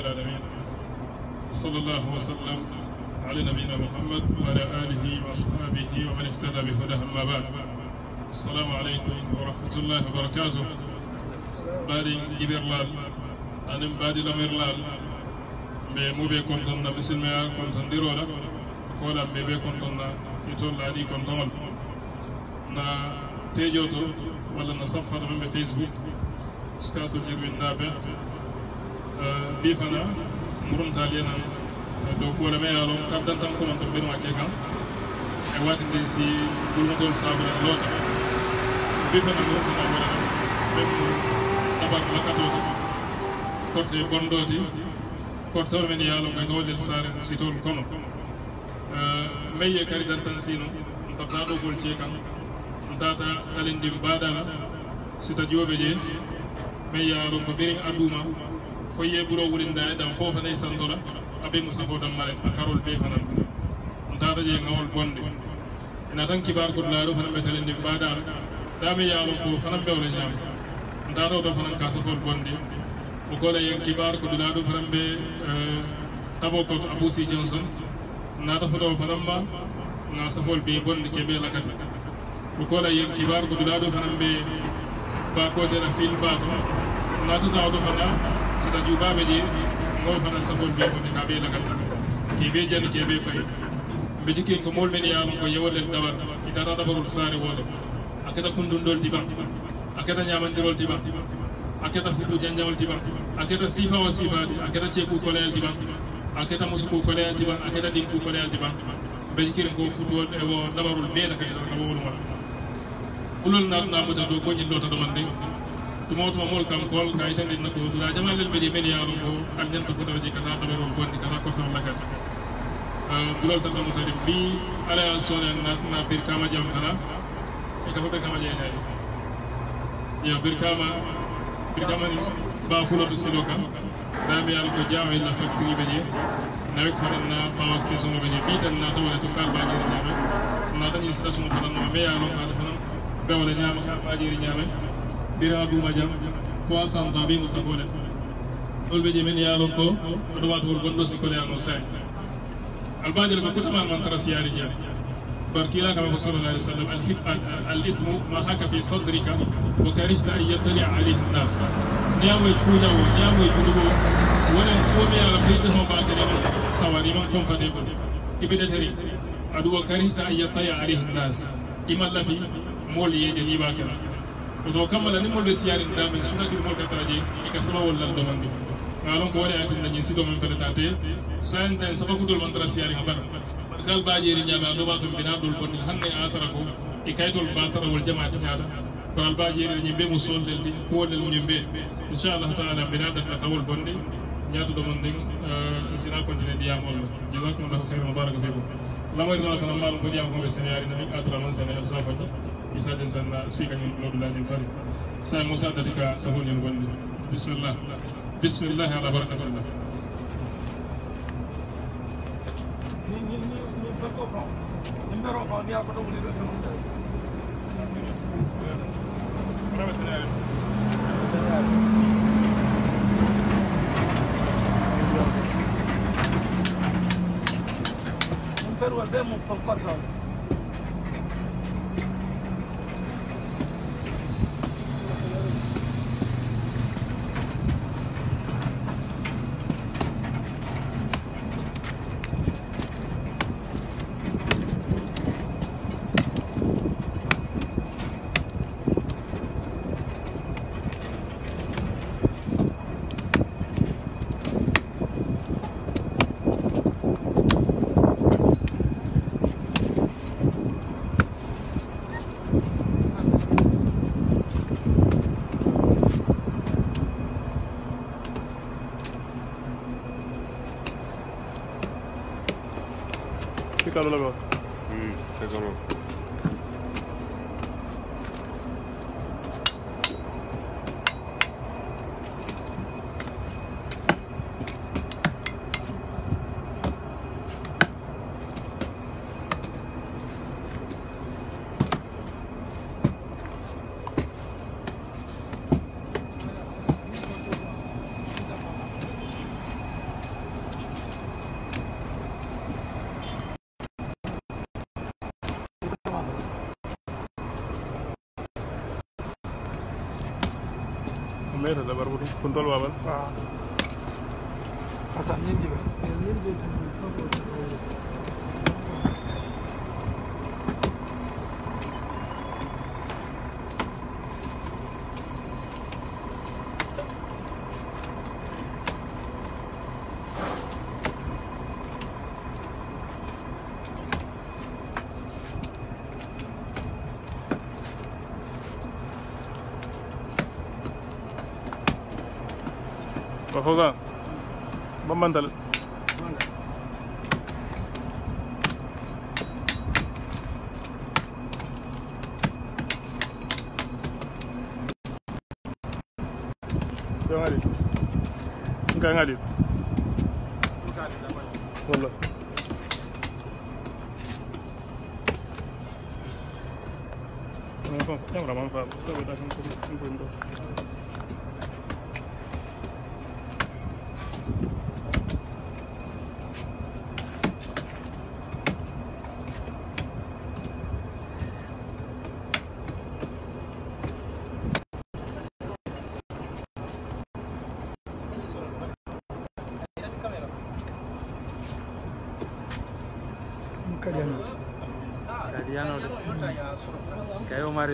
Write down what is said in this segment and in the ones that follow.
العالمين وصلى الله وسلم على نبينا محمد وعلى آله وأصحابه ومن اهتدى بهداه أما بعد السلام عليكم ورحمة الله وبركاته بارين لال أنا بادي لمير لميرلال مي موبي كونتنا بسلمي كونتن ديرولا كولا مبي كنتنا يتول لادي كونتنول نا تيجوتو ولا نصفحة من بفيسبوك سكاتو جيرو نابه bifana fana murumtalen na dɔw ko wɛrɛ bɛ yan lɔn kari dan tan kɔnɔntɔn bɛ ɲɔgɔn cɛ kan a waati bɛ se bolomɔgɔ sanfɛ lɔn ta bi fana n'o kuma wɛrɛ la bɛ mu daba sitol kɔnɔ mɛ ye kari dan tan sen nɔ n ta taa dɔw bolo cɛ kan n ta fo yeɓuro wulinda e ɗam fof anayi sandora aɓe musa fof ɗam maret a karol ɓe fanan um tata je gawol bonde ina tan kibar ko laaro fanan ɓe talen ndin mbaɗaɗo ɗame yaalon ko fanan ɓe wole ñaama um tata oto fanan kasafol bonde o kola yen kibar ko dulaɗo fanan ɓe e, tabo ko abousi johnson nata foto fanan ma ga safol ɓe bonde keɓe lakata o kola yen kibar ko dulaɗo fanan ɓe bakoteɗa fil bato natata oto fana sata juubaɓe je gowon hara sagol mbiyaɓe ka ɓe lagal ke ɓe janni ke ɓe fayi mbe jikkin ko molmen yaalon ko yewollel dawal e tata ɗabarol saare woole a keta kundundol tiɓa a keta ñamandirol tiɓa a keta futu janjawol tiɓa a keta sifa o sifati a keta ceeku koleyal tiɓa a ko musuku koleyal tiɓa a keta ɗinku koleyal tiɓa mbe jikkirin ko futuol ewo ɗabarol beela kayeɗa ka wowol wala kulol naatnamuta ɗo ko ñillo taɗoman de tumoto mol kam kol ka ita din ko dura jama lel be men yaro ko alden to foto ji kata dabar on gondi kata ko tan lagat dulol tan mo tari bi ala sona na na bir kama jam kala e ka bir kama jey hay ya bir kama bir kama ni ba fulo to silo kan dami al ko jaw ila factory be je na ko na power station be je bitan na to wala to kar ba je na na tan station ko na me ya no ka tan be wala nyaama ka ba je nyaama bira duma jam ko asan tabi musafole dol be jemen yalo ko do wat wol gondo sikole ano sai albajal ba kutama man tarasiyari jam بركيلا كما صلى الله عليه وسلم الإثم ما حك في صدرك وكرهت أن يطلع عليه الناس نعم يكون نعم يكون ولن قوم يا ربي دهم باكر من سواري من كم فتيبون إبدا تري أدو كرهت أن يطلع عليه الناس إما الله في مول يدني باكر koto kammala ni molle siyarin damin sunatir mol kataraje e ka saba wallal domandi alon ko wari atin na jinsi domin fere tate sayan tan saba kudol man tara siyarin abar kal bajeri nyama do batum bin abdul botil hanne atara ko e kaytol batara wal jamaati hada ko al bajeri ni be musol del di ko del mun be inshallah taala binada ta tawol bondi nyaatu domon ding sina kontine diyamol jazakumullahu khairan baraka fikum lamay dal kan mal ko diyam ko be seniyari nabi atara man seniyari sa fanni misaɗen tan speaker ñon lowdulaji fari sa moussa dati ka sahoñen gonɗi bisimillah bisimillahi ala barakatillah Pero é bem um pouco വേറെയല്ല വേറെ കുന്തോൾ ബാബൻ ആ അസാ നീ ജീവൻ നീ ജീവൻ hold on. One mandala.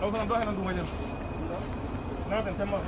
Đâu không, tôi hay là đủ người nhỉ? Nào, tiền thêm mà.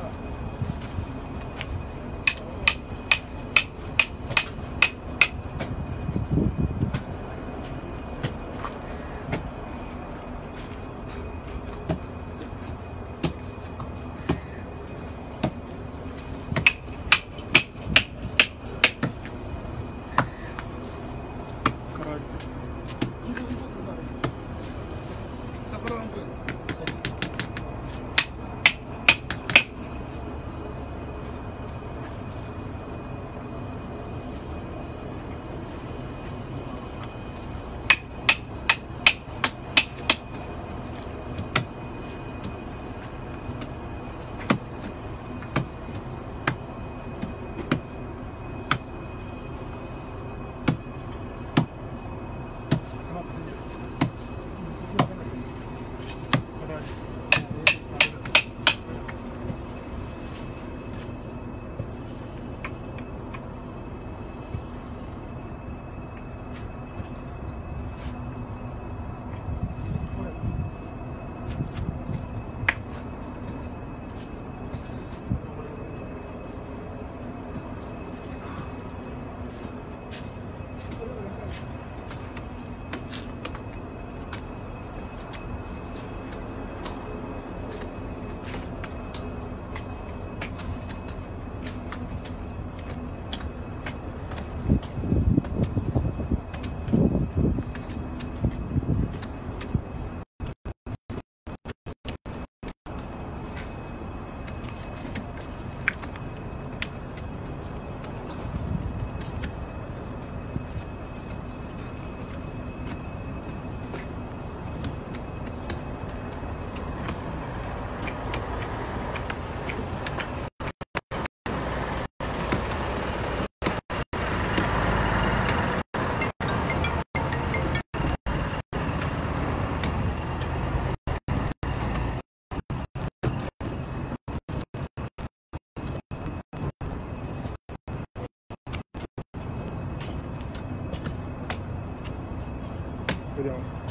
Good day.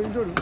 2019。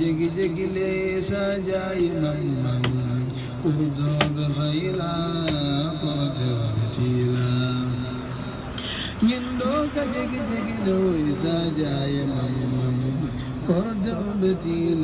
جگ جگ لو سجایا مم مم اور جب تیل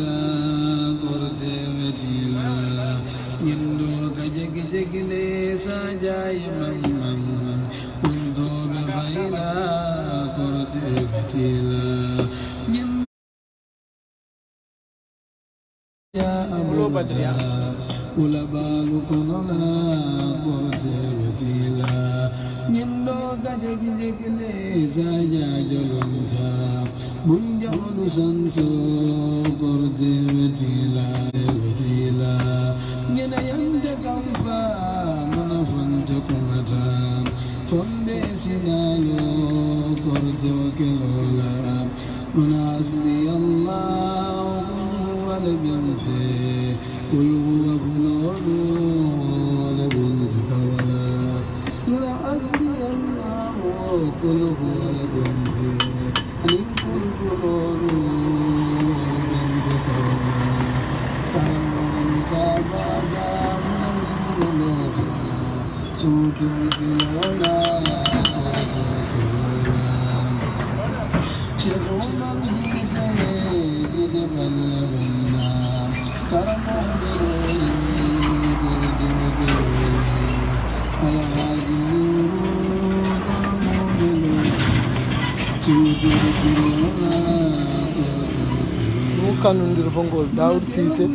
mu kanundir bongol daoud sise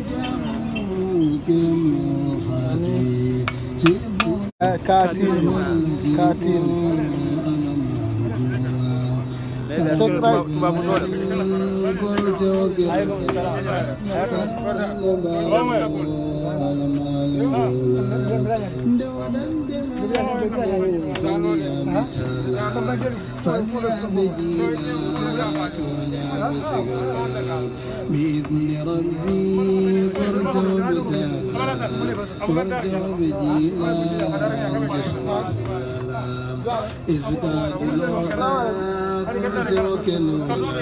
katin Catin, Catin. بإذن ربي قرت وبتالا قرت وبجيلا إزداد الأخرى قرت وكلولا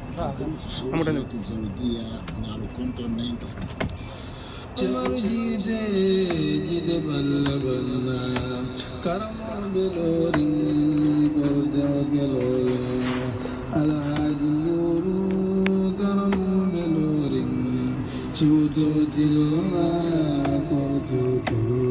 കർമ്മം ബലോരി ചൂതോ തിരുവാ കുറച്ചു കുറു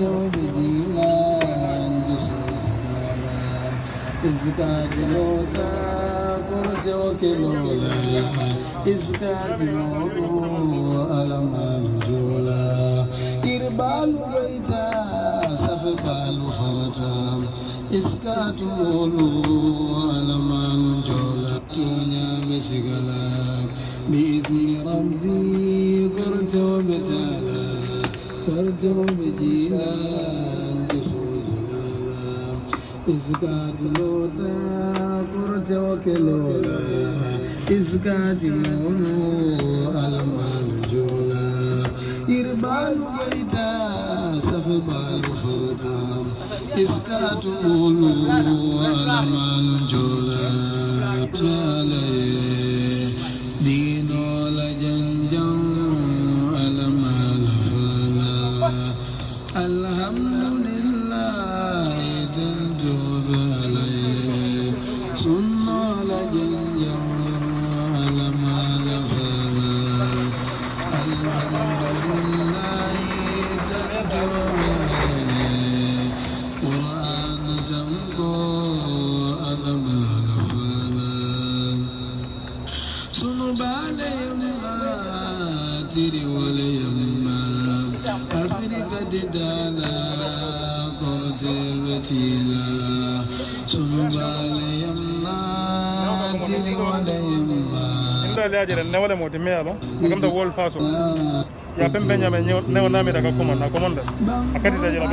بجيلان جسوس مالان إزكاج لولا برجوك لولا إزكاج لولا ألمان جولا إربال غيتا سفقال فرجا إسكاتو لولا Is God Lord, Kurte Okelola? Is God Mono Alaman Jola? Irban Vaita, Sababal Farata. Is God Ulu Alaman de meya akamta wol faso ya pembe nyame neo namira ka komanda komanda akati da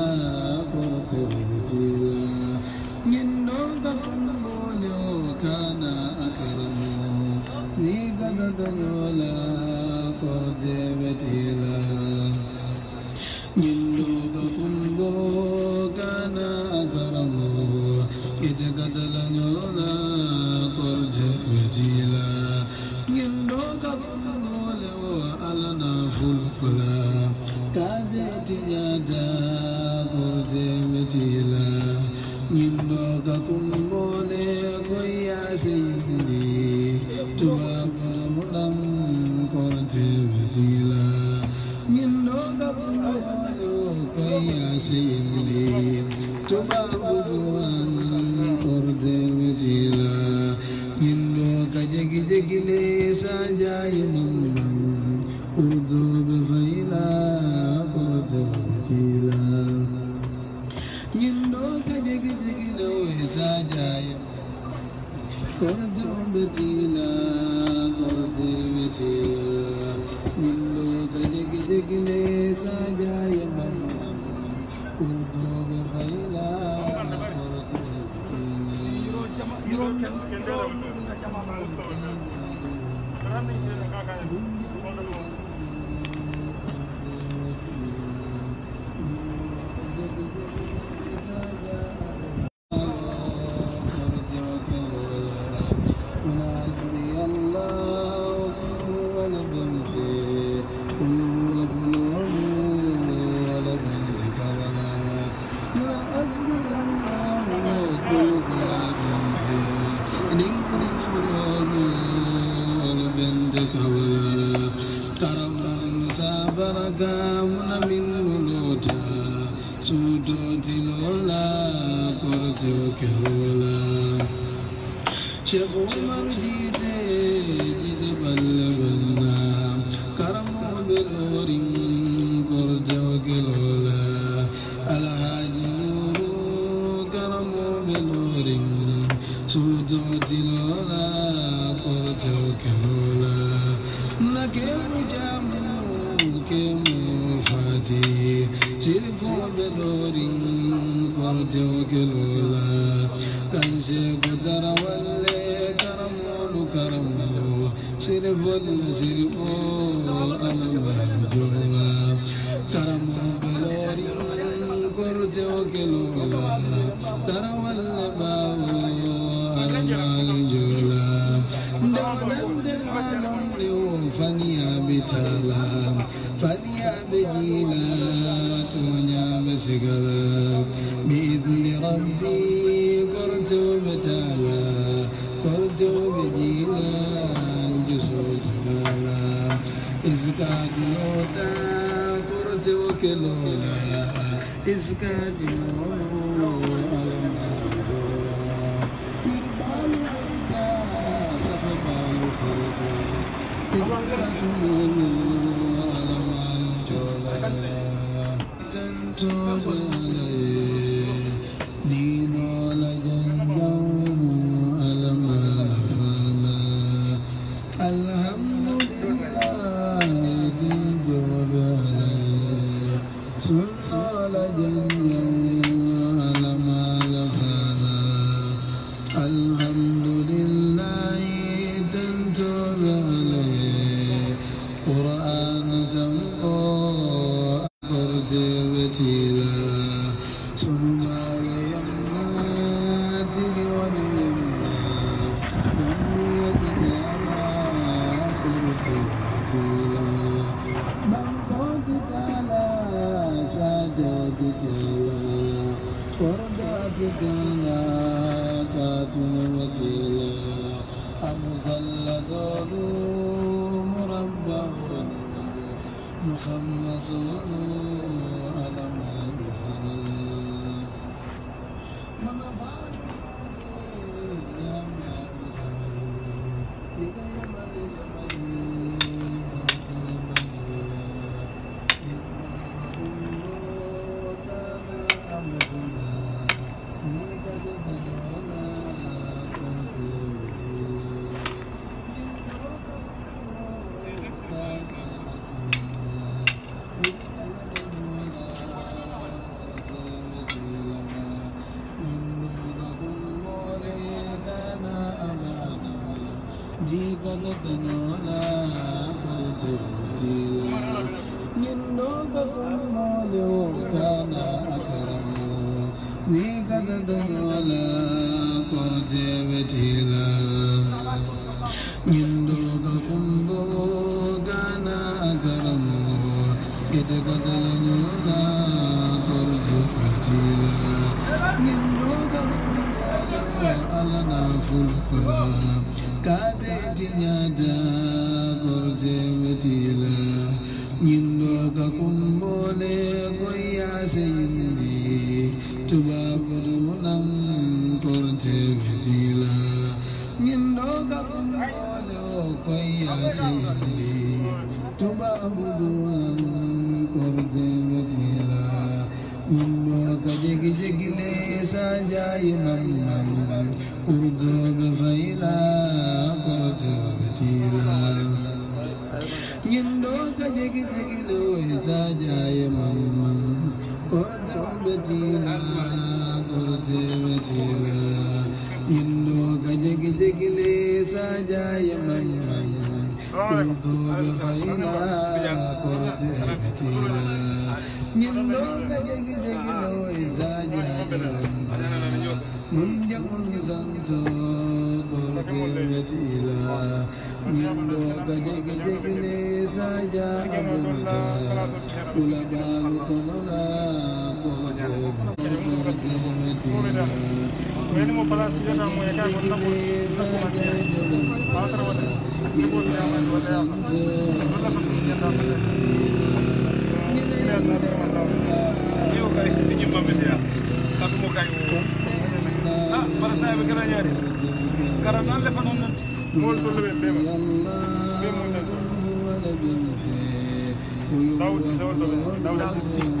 ी जल Dawud, Dawud, Dawud, Dawud, Dawud,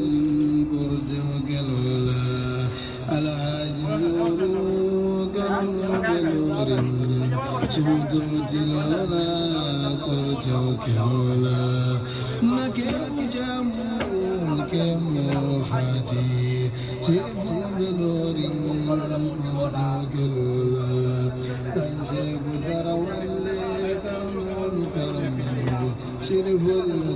مجهود ولا فرجوك ولا نكير جامو كم وفاتي سيرف دلور فرجوك ولا تنسيب ذروة اللي كرم كرم سيرف الله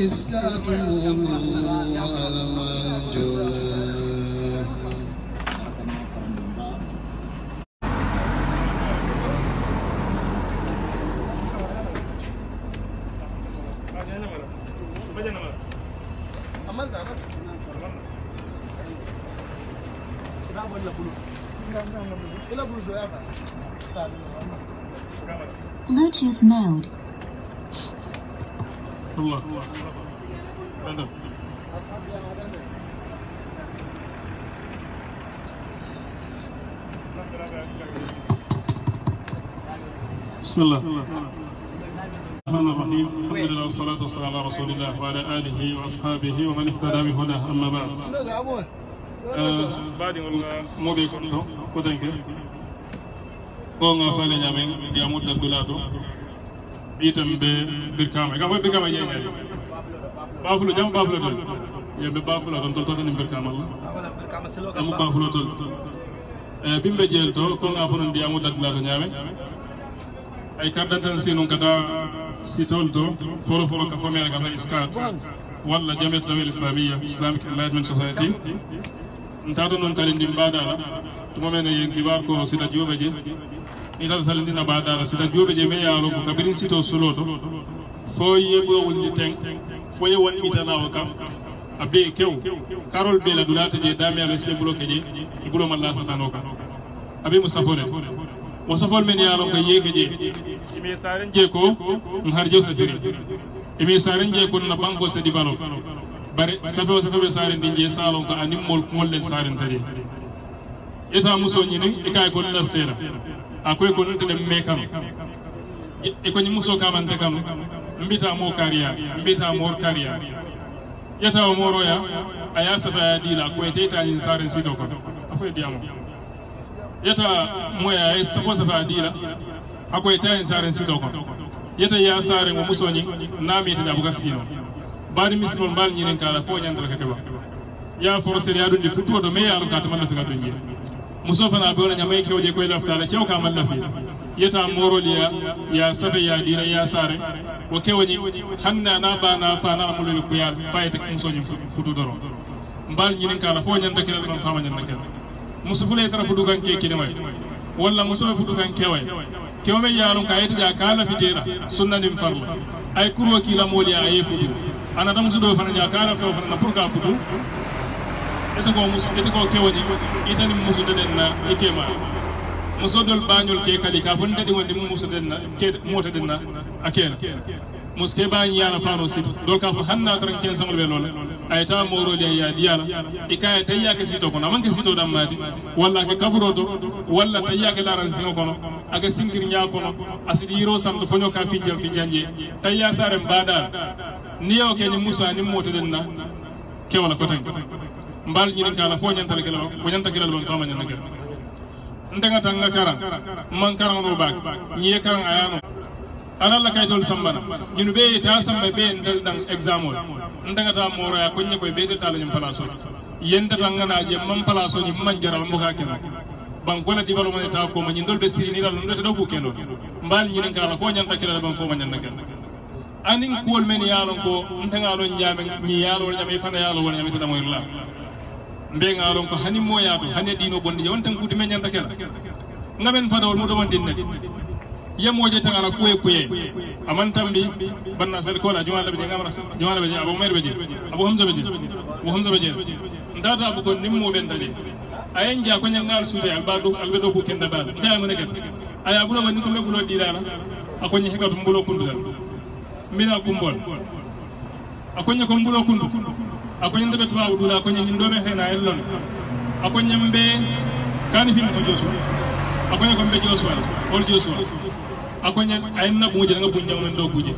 إذ تعدون وألم بسم الله الرحمن الرحيم الحمد لله والصلاة والسلام على رسول الله وعلى آله وأصحابه ومن اهتدى بهداه أما بعد بعد ولا مودي كنتو كنتو كنتو فالي نعمين يا مود الدولاتو بيتم بركامة كم هو بركامة جاي بافلو جام بافلو يا بافلو تل تل تل بركامة الله بافلو تل Eh, pimɓe jeel to konga fonon ndiyamu dadla to ñaame ay kardantan sinum kata sitol to folo folo ka famere kata iskat walla jamiat tawil islamia islamic enlightenment society ntata noon kadi ndin mbaɗala tumamene yen kibar ko sita juuɓe je itata salindina mbaɗala sita juuɓe je me yaalo ko kabirin sito sulo to fo yeɓowulndi ten foye wonɓitanawo kam abe kew karol bela dulata je dami ala se bulo keje bulo malla satano ka abe musafore musafol men ya lon ko yeke je je ko har jew safiri imi saren je ko na banko se dibano bare safe o safe be saren din je salon ka anim mol kol len saren tare eta muso nyini e kay ko naftera akoy ko nante dem mekam e ko nyi muso kamante kam mbita mo kariya mbita mo kariya yata o moroya a ya sata ya dila ko ita ita yin sarin sito ko afoy yata mwe ya sako safa ya dila ako ita yin nsito kwa yata ya mwa muso nyi nami ita nabuka sino bari mismon bal nyirin kala fo nyandra kataba ya forcer ya dundi futuo do meya alu ron fika dunye musofa na bora nyamai kewje ko laftala kew ka mallafi yeta moroliya ya sabe ya dina ya sare ke kewani hanna na ba na fa na amulu ku yal fayta kum soñum fudu doro mbal ñinin la fo ñan dakira ban fama ñan dakira musu fule tara fudu kan ke kine may wala musu fudu kan keway kewme yalon ka yeta ja kala fitera sunna nim farla ay kurwa kila moliya ay fudu ana da musu do fana ja kala fa fana na ka fudu ete ko musu ete ko wani itani musu den na ikema musodol bañol ke kadi ka fon dadi wonde mum musodenna ke motadenna akena muske bañi yana fano siti dol ka fo hanna toran ken sangol be lola ay ta moro le ya diyala e kay tayya ke sito kono amanke sito dammati walla ke kaburo do walla tayya ke daran singo kono aga singir nya kono asiti yiro sam do fonyo ka fijjal fi janje tayya sare mbada niyo ke ni musa ni motadenna ke wala kotan mbal nyirin kala fo nyantale kala ko nyantale kala ban fama nyantale ntanga tanga karan man karan no bak nyi karan ayano ala la kaytol sambana ñun be ta samba be ndal dang examol ntanga ta moro ya kunya koy be ta la ñum palaso yenta tanga na je man palaso ñi man jaral mbuka kenan bankola di balo mane ta ko ma ñindol be sirni la ndata do bu kendo mbal ñi nanka la fo ñanta kila ban fo ma ñan nakal anin men yaalon ko ntanga lon jaamen ñi yaalon ñame fana yaalon ñame ta moy la ron ko hani moyaɓe hani ɗino bonde jawan tan guuti men ñanta kela gamen fatawol muɗoman dinnade yemoje tan ala kuye kuye aman tambi banna sadi kola jumala ɓe je gamra juma ɓe je abou maire ɓe je abou hamsa ɓe je abou hamsa ɓe je ntata abu ko nimmuɓen tade ayen jaa ko ñangal suute alba do alɓe ɗo ko kenda baala jayamane ket aya ɓuɗoma ni koɓe ɓuuɗo ɗiɗala akoñe heka to mbulo kundutal mbira kumbol akoñe ko mbulo kundu akoñen ndeɓe tubabu ɗula akoñen in ɗome hena en lon akoñen ɓe kani fimɓe ko joosuwa akoñen kon ɓe joosuwa hol joosuwa akoñen ayenna buuje nga bun jamo men ɗo buuje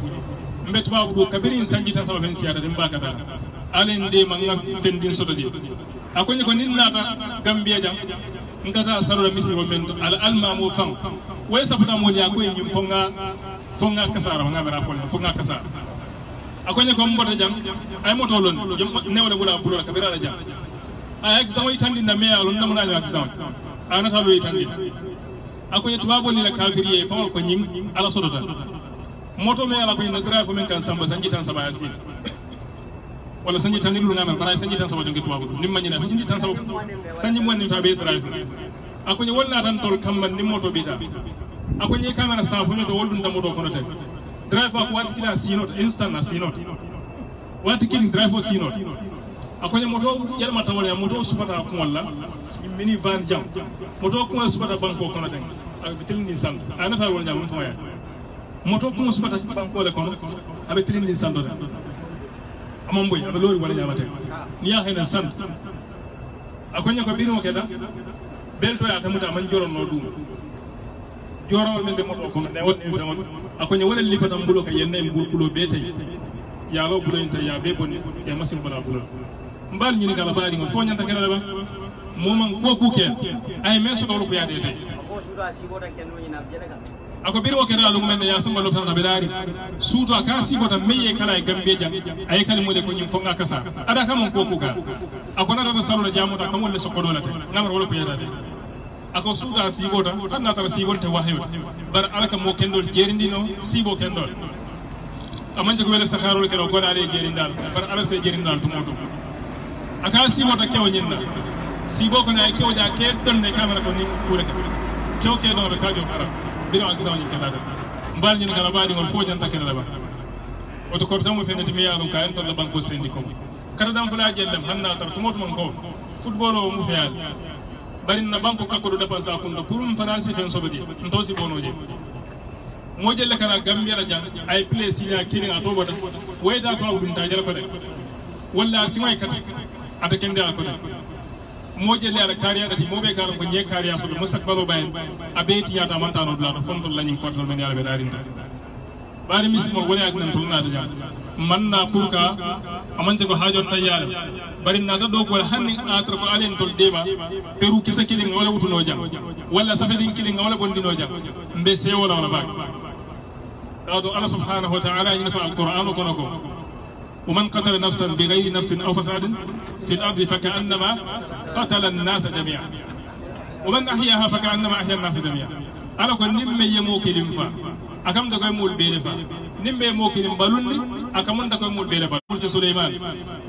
mbe tubabu ɗu kabirin sanjitan saba fen siyatade mbakata alen ɗe manga fendin sotodi akoñe ko nin naata gambiya jam ngata sarora misiro men to ala almamo fan way safatamol ya koye ñim fonga fonga kasara ma nga ɓera folle fonga kasara akoñe ko mbota jam ay moto lon newne wula bulola kabira la jam ay accident o yitandi na meya lon namunaño accident a nata lo yitandi akoñe tubaboli la kafiri e famal ko ñing ala sodota moto me ala koñe grave fo men kan samba sanji tan saba yasi wala sanji tan nilu ngamen bara sanji tan saba jonge tubabu nim mañina sanji tan saba sanji mo ni be drive akoñe wonna tan tol kamman ni moto bita akoñe kamera sa fo to moto ko kono tay drive wako wati kila sinota instant na sinota wati kili drive o not akonya moto yal matawala ya moto supata ko mini van jam moto ko supata banko kono tan ak bitel ni sant ana tar wala jam faya moto ko supata banko le kono abe tilin ni santo tan amon boy abe lori wala nyamate ni ya hena sant akonya ko biro keda belto ya tamuta man joron no dum jorol men de moto ko ne wonni dama akon wala lipata mbulo ka yenne mbul kulo bete ya ro bulo inta ya be boni ya masin bala bulo mbal nyini kala baari ngon fo ñanta kala ba mo man ko ku ken ay men so ko ko yaade tay ako biro kere alu men ya songo lo tan bedari suuto ka si bota meye kala e gambe jam ay kala mo de ko nyim fonga kasa ada kam ko ku ga ako na ta salu jamu ta kam wala so ko dolata ngamar wala ko yaade ako suuda siibota hanna natara siibol te wahiwe bar alaka mo kendol jeerindino siibo kendol amanje ko wele saharol kero gonaade jeerindal bar ala se jeerindal to modum aka siibota kewo nyinna siibo ko nay kewo ja ke ne kamera ko ni kure ke kew ke be fara bino ak sawni ke akisawañin mbal mbalñin kala mbaɗi ngol fo janta kene laɓa korta mo fenete mi yaaru ka en tolla banko sendi ko kata dam fula jeldam hanna natar to modum ko football o mu feyaali bari na banko kakko do dépense akunda pour um france fen sobedi nto si bonoje mo jelle kana gambia la jang ay place ila kirin ato bota wayta ko abdum tajal ko de walla simay kat ata kende ko de mo jelle ala kariya dati mo be karam ko nye kariya so mustaqbalo bayen abeti yata mantano bla to fonto lanin ko to men yalla be darinta bari misimo wala ak nan tulna ta jang man na pour ka aman jago hajon tayyala bari na ta dogo hanni atar ko alen tol dema peru kisa kilin wala wutuno jam wala safedin kilin wala gondino jam mbe se wala wala bak dado allah subhanahu wa ta'ala yin fa alquran ko nako ومن قتل نفسا بغير نفس او فساد في الارض فكانما قتل الناس جميعا ومن احياها فكانما احيا الناس جميعا على كل نم يموكل فا اكم دغاي مول بينفا نمبي موكي نمبالوني أكمن دكو مول بيلبا قلت سليمان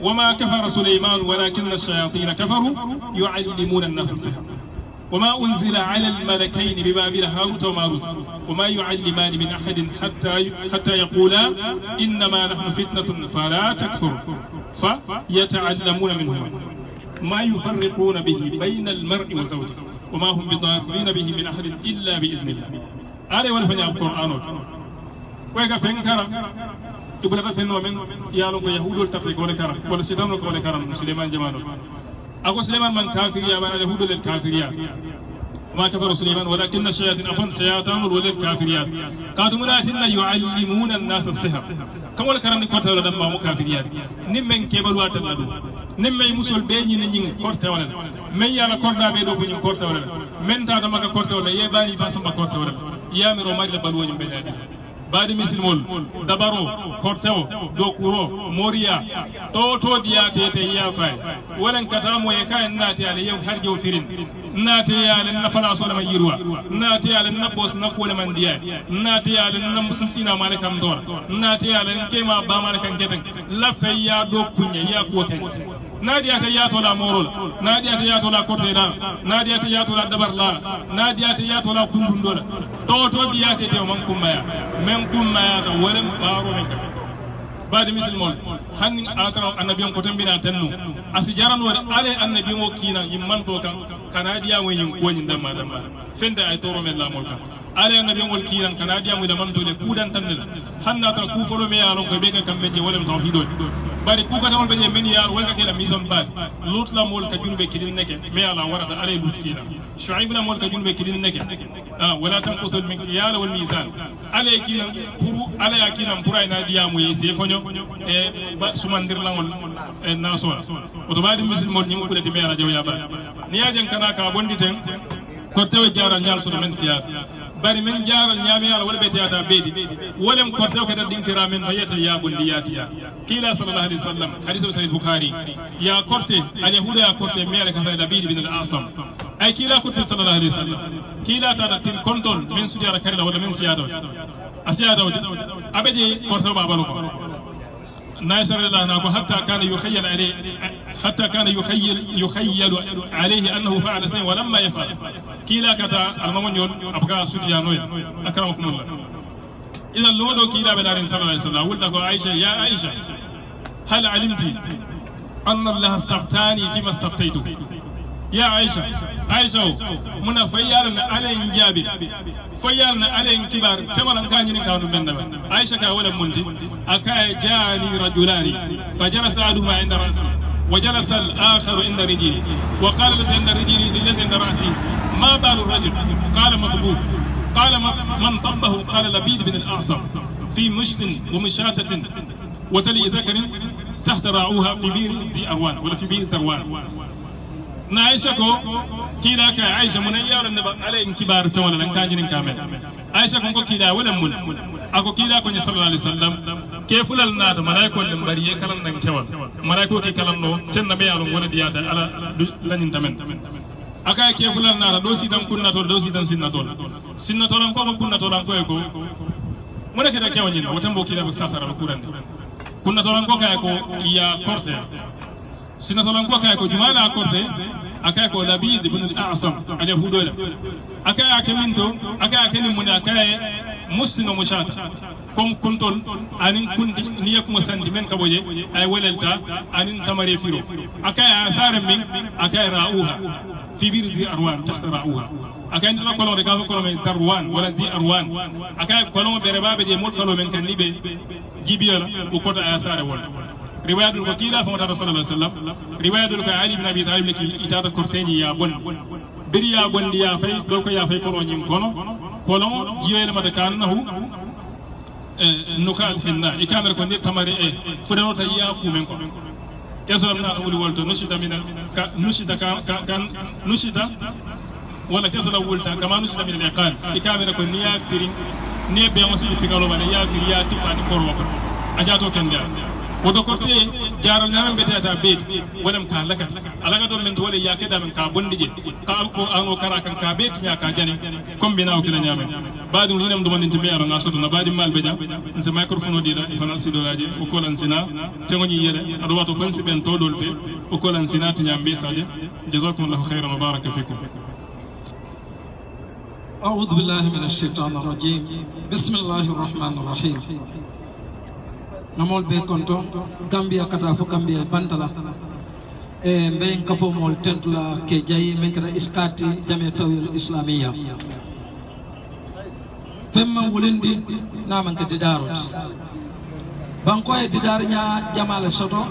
وما كفر سليمان ولكن الشياطين كفروا يعلمون الناس السحر وما أنزل على الملكين ببابل هاروت وماروت وما يعلمان من أحد حتى حتى يقولا إنما نحن فتنة فلا تكفر فيتعلمون منهما ما يفرقون به بين المرء وزوجه وما هم بضارين به من أحد إلا بإذن الله. آلي ولا فني القرآن koy ga fen kara tubula ka fen no men ya lon ko yahudul tafi ko le kara wala sitan ko le kara musliman jamaano ako suleiman man kafir ya bana yahudul kafir ya ما كفر سليمان ولكن الشياطين أفن شياطان الولد كافريات قد مناسنا يعلمون الناس السحر كم ولا كرم نكتر ولا دم كافريات نمن كبر واتنادو نمن مسول بيني نجين كرتة ولا من يالا كردا بيدو بني كرتة ولا من تادا ما كرتة ولا يباني فاسم كرتة ولا يا مرو ما يلبلوني بينادي baadi misilmol dabaro korteo dow kuro moriya ɗo to diyatete yafay walan katamo e ka en naati ala yew har jew firin naateyalen na place olema yirwa naateyalen na bos na kuolema ndiya naateyalen na sinamale kam dora naateyalen kema bamale kan keten lafey ya ɗo kuña ya kuwo ken ناديات ياتو لا مورول ناديات ياتو لا كوتيلا ناديات ياتو لا دبرلا ناديات ياتو لا كوندولا تو تو دياتي تي من كومايا من كومايا ولم بارو نك بعد مثل مول هن اكرا النبي ان كوتن بينا تنو اسجارن ور علي النبي وكينا يمن تو كناديا وين كوني دما دما فندا اي تورو مل لا مول ala nabi wol kiran kana dia mu da man dole ku dan tan hanna ta ku folo me yaron ko be ka kambe je wala tawhido bari ku ka tawol be men yar wala ka la mizan bad lut la mol ka junbe kidin neke me ala warata ala lut kiran shuaib la mol ka junbe kidin neke ah wala tan qutul min kiyal wal mizan ala kiran puru ala ya kiran pura ina dia mu yese fonyo e sumandir la mol e naso oto badi misil mol nyimu kudati me ala jaw ya ba niya jan kana ka bondi ten ko tew jara nyal so men siyar bari men jaaro ñaameyala wala ɓeteyata beeti wolem kortew kata ɗinkira men fayiyata yabundi yatiya kiila sallallah alih w sallam hadis o sahih bouhari ya korte alyahuda ya korte meere kata labid bin al asam ay kiila korte sallallah alih w sallam kiila tata tin kontol min sutiyata karila walla min siyatawde a siyatawde aɓe babalo ko ناشر الله حتى كان يخيل عليه حتى كان يخيل يخيل عليه انه فعل سين ولما يفعل كيلا كتا الممنيون ابقى سوتيا نوي اكرمكم الله اذا لودو كيلا بدار صلى الله عليه وسلم لك عائشه يا عائشه هل علمت ان الله استفتاني فيما استفتيته يا عائشه aisha muna fayyar alayin jabi fayyar alayin kibar tamaran kanyin ni kanu benna ba aisha ka wala mundi akaya jani rajulani fajarasa aduma inda rasi وجلس الآخر عند رجلي وقال الذي عند رجلي للذي عند رأسي ما بال الرجل قال مطبوب قال من طبه قال لبيد بن الأعصم في مشت ومشاتة وتلي ذكر تحت راعوها في بير ذي أروان ولا في بير تروان نعيشكو kila ka aisha mun yaron da alai in kibar ta wala kanjinin kamen aisha kun ko kila wala mun ako kila ko ni sallallahu alaihi wasallam ke fulal na ta malaiko din bariye kalan nan kewal malaiko ke kalan no ken na be yaron wala diya ta ala lanin tamen aka ke fulal na ta dosi dan kunna to dosi dan sinna to sinna to ran ko ma kunna to ran ko ko mun ke da kewal ni wata mbo kila ba sasara kuran kunna to ran ko kay ko ya korte sinna to ran ko kay ko jumala korte akai ko labid ibn al-a'sam ade fudola akai ake minto akai ake ni munda akai muslimu mushata kom kuntol anin kundi ni yak musandi men kaboje ay walalta anin tamare firo akai asaran min akai ra'uha fi birdi arwan tahta ra'uha akan dila kolon de kafa kolon darwan wala di arwan akan kolon bere babe je mol kolon men kan libe jibiyala u kota ayasare wala رواية الوكيلة فمتى صلى الله عليه وسلم رواية لك علي بن أبي طالب لك إتادة كرتيني يا بن بري يا بن يا في لوك يا في كرو نيم كونو كونو جيل ما تكانه نكال فينا إكامر كوني تماري إيه فدانو تيا كومن كونو يسلم نا أولي والتو نشيدا من نشيدا كان نشيدا ولا كسلا ولتا كما نشيدا من الإقال إكامر كوني يا فيرين ني بيانسي تكالو بني يا فيريا تباني كرو أجاتو كندا woto korte jaro nyamen be tata bet wonam ka lakat alaga do men dole ya keda men ka bondije ka alquran o kara kan ka bet nya ka jani kombina o kila nyamen badi mun nem do man timbe ara ngaso na badi mal be jam se microphone o dida fanal si dolaje o kolan sina te ngoni yele ado wato fansi ben to dol fe o kolan sina ti nyambe saje jazakumullahu khairan mubaraka fikum أعوذ بالله من الشيطان الرجيم بسم الله الرحمن الرحيم namol be konto gambia kata fo gambia bantala e mbeyin kafo mol tentula ke jayi min kata iskati jame tawil islamiya femma wulindi naman ka didaroti banko e didar nya jamale soto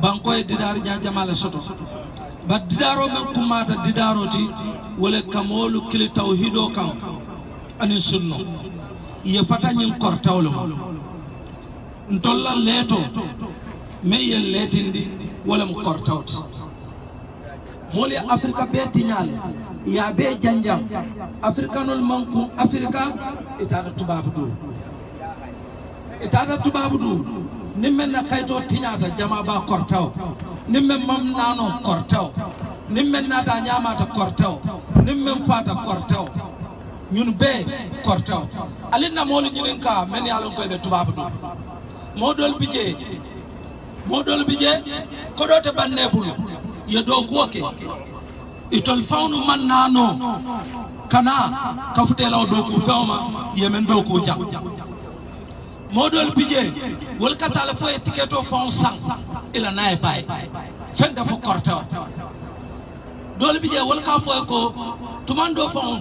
banko e didar nya jamale soto ba didaro men kumata didaroti wala kamolu kili tawhido kan anin sunno ye fata nyin kortawlo ma ntollal leeto mai ye leetindi wala mu kortawti moolu ye afirika bee tiñaale yaa a bee janjam afirikanol maŋ kuŋ afirika itaata tubaabu duu itaata tubaabu duu niŋ meŋ na kayitoo tiñaata jamaa baa kortawo niŋ meŋ maŋ naanoo kortawo niŋ meŋ naata a ñaamaata niŋ meŋ faata kortawo ñun bee kortawo ali na moolu ñiniŋ ka meŋ ye a loŋ ko i be tubaabu duu modol bije modol bije koɗote ɓannebulu yo dow kuwoke itol fawnu man nano kana kafutela o dow ku fewma yemen dow ku jam modol bije wol katala fo e tiketo fon sang ila naye baye da fo korteo dol bije wol ka fo e ko tuman do fon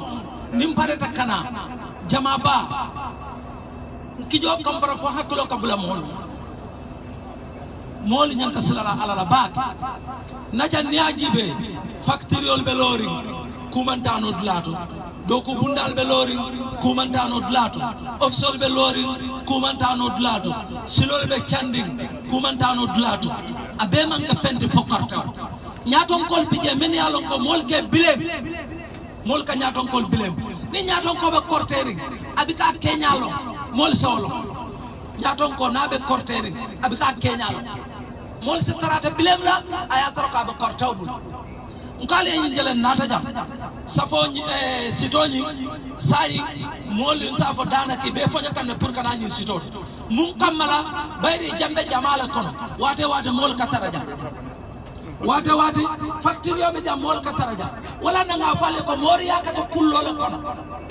nim pareta kana jama ba kijo kam fara fo hakkilo ka bula moolu moolu ñanta silala alala baake najan ni a jibe factoriol be loori kumantano dulaato doku bundal be loori kumantano dulaato ofisol be loori kumantano dulaato silol be candin kumantano dulaato a be man ka fenti fo karta ñaatonkol pije men ye lon ko mool ke bileem mool ka ñaatonkol bileem ni ñaatonkoo be korteeri abi ka keñaa lon mol sawlo ñaton ko naɓe korteri aɓe ka keñala mol si tarata bilem la aya tara ko aɓe kortaw ɗum nkali eñi jelen nata jam safoñi e sitoñi sayi moli safo danaki ɓe foña kanne pour kanañi sitode mum kammala bayri jambe jamala kono wate wate mol ka tara jam wate wate factirioɓe jam mol ka tara jam wala nanga faale ko moriya kata kullole kono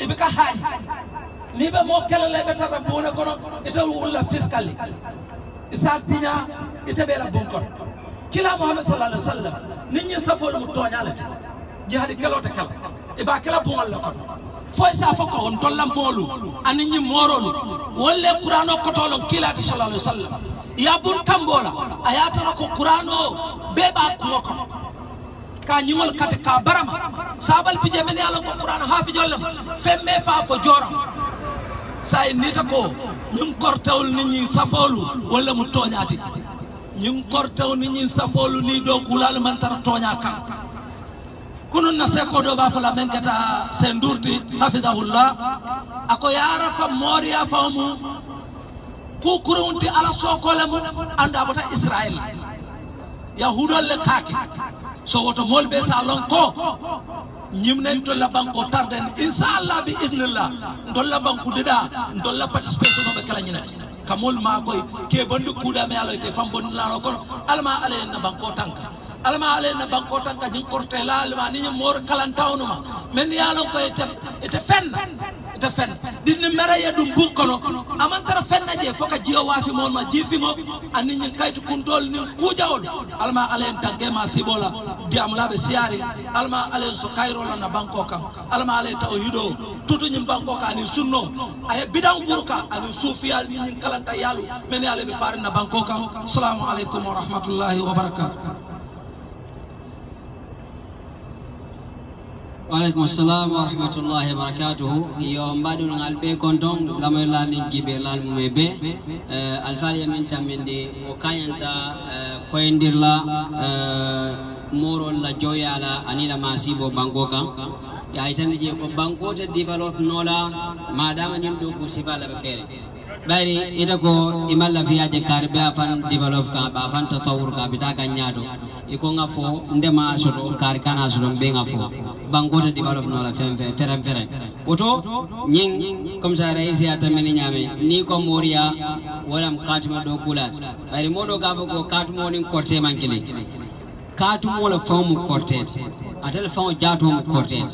eɓe ka haañi ni ɓe mo a la tata bune kono ita e wulla fiscali isatina e ita e ɓeela al kono kila muhammad sallallahu alaihi wasallam nin ñin mu kala iba bon buŋolle kono foy sa fo ko on tolla ani wolle qur'ano sala sallallahu alaihi wasallam ya bun tambola a ko qur'ano be ka ka barama sabal pije men qur'ano femme fa say nita ko ñu kortawul nit ñi safoolu wala mu tooñaati ñu kortaw nit ñi safoolu ni do kulal man tar tooña kan kunun na seko do ba fala men kata sendurti hafizahullah ako yara fa moriya faamu ku kurunti ala sokole mu anda bota israel yahudol le kake so woto molbe sa lon ko ñimnen to la banko tarden inshallah bi idnillah ndolla banku dida ndolla participation be kala ñinati kamol ma koy ke bandu kuda me aloyte fam bon la no kon alma ale na banko tanka alma ale na banko tanka jin korte la alma ni mor kalantawnuma men yalon koy te te fenna ta fen dinni mere yeɗum bukkono amantara je foka jio wafi mon ma jiifiŋo anin ñin kayti kuntol nin kujaol alma alen tagge ma siɓola be siyari alma alen so kayro na banko kam alma alaye taw tutu ni banko ka ni sunno ay bidan ɓurka ani suufiyal ni ñin kalanta yaalu men yaale ɓe farina banko kam salamu aleykum wa rahmatullahi wa barakatuh waleykum salam wa rahmatullahi wa barakatuhu yo mbaɗun ngal ɓe kon ton gamoylal nin jibe lal mume be eh, ya min tamminde o kañanta eh, la eh, morol la joyala anila masibo banko kan yaytande kwa ko bankote nola madama ñim ɗo ko bari ita ko imalla fiya je karbe afan develop ka ba afan tatawur ka bita ka nyado iko nga fo ndema soto kar kana soto be nga fo bangota develop no la fem fem ferem ferem oto nyin comme ça raisi ata men nyame ni ko moria wala mkatima do kulat bari modo ka ko katmo ni korte mankili katumo la famu kortet atel famu jato mu kortet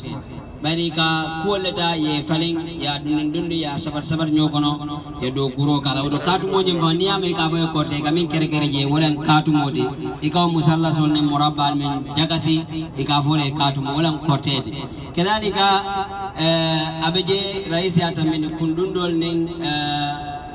bari ka kuwolleta ye falin ya dunin ya sabar sabar ñoo kono ye do guro kala wodo katumoñim fa ni yamay ka fo korte ka min kere kere je wolen katumoti i kawo musallasol ne morabbal min jagasi ika ka fo le katumo wolen kortede kedalika eh, abe je raisi atamin kundundol nin eh,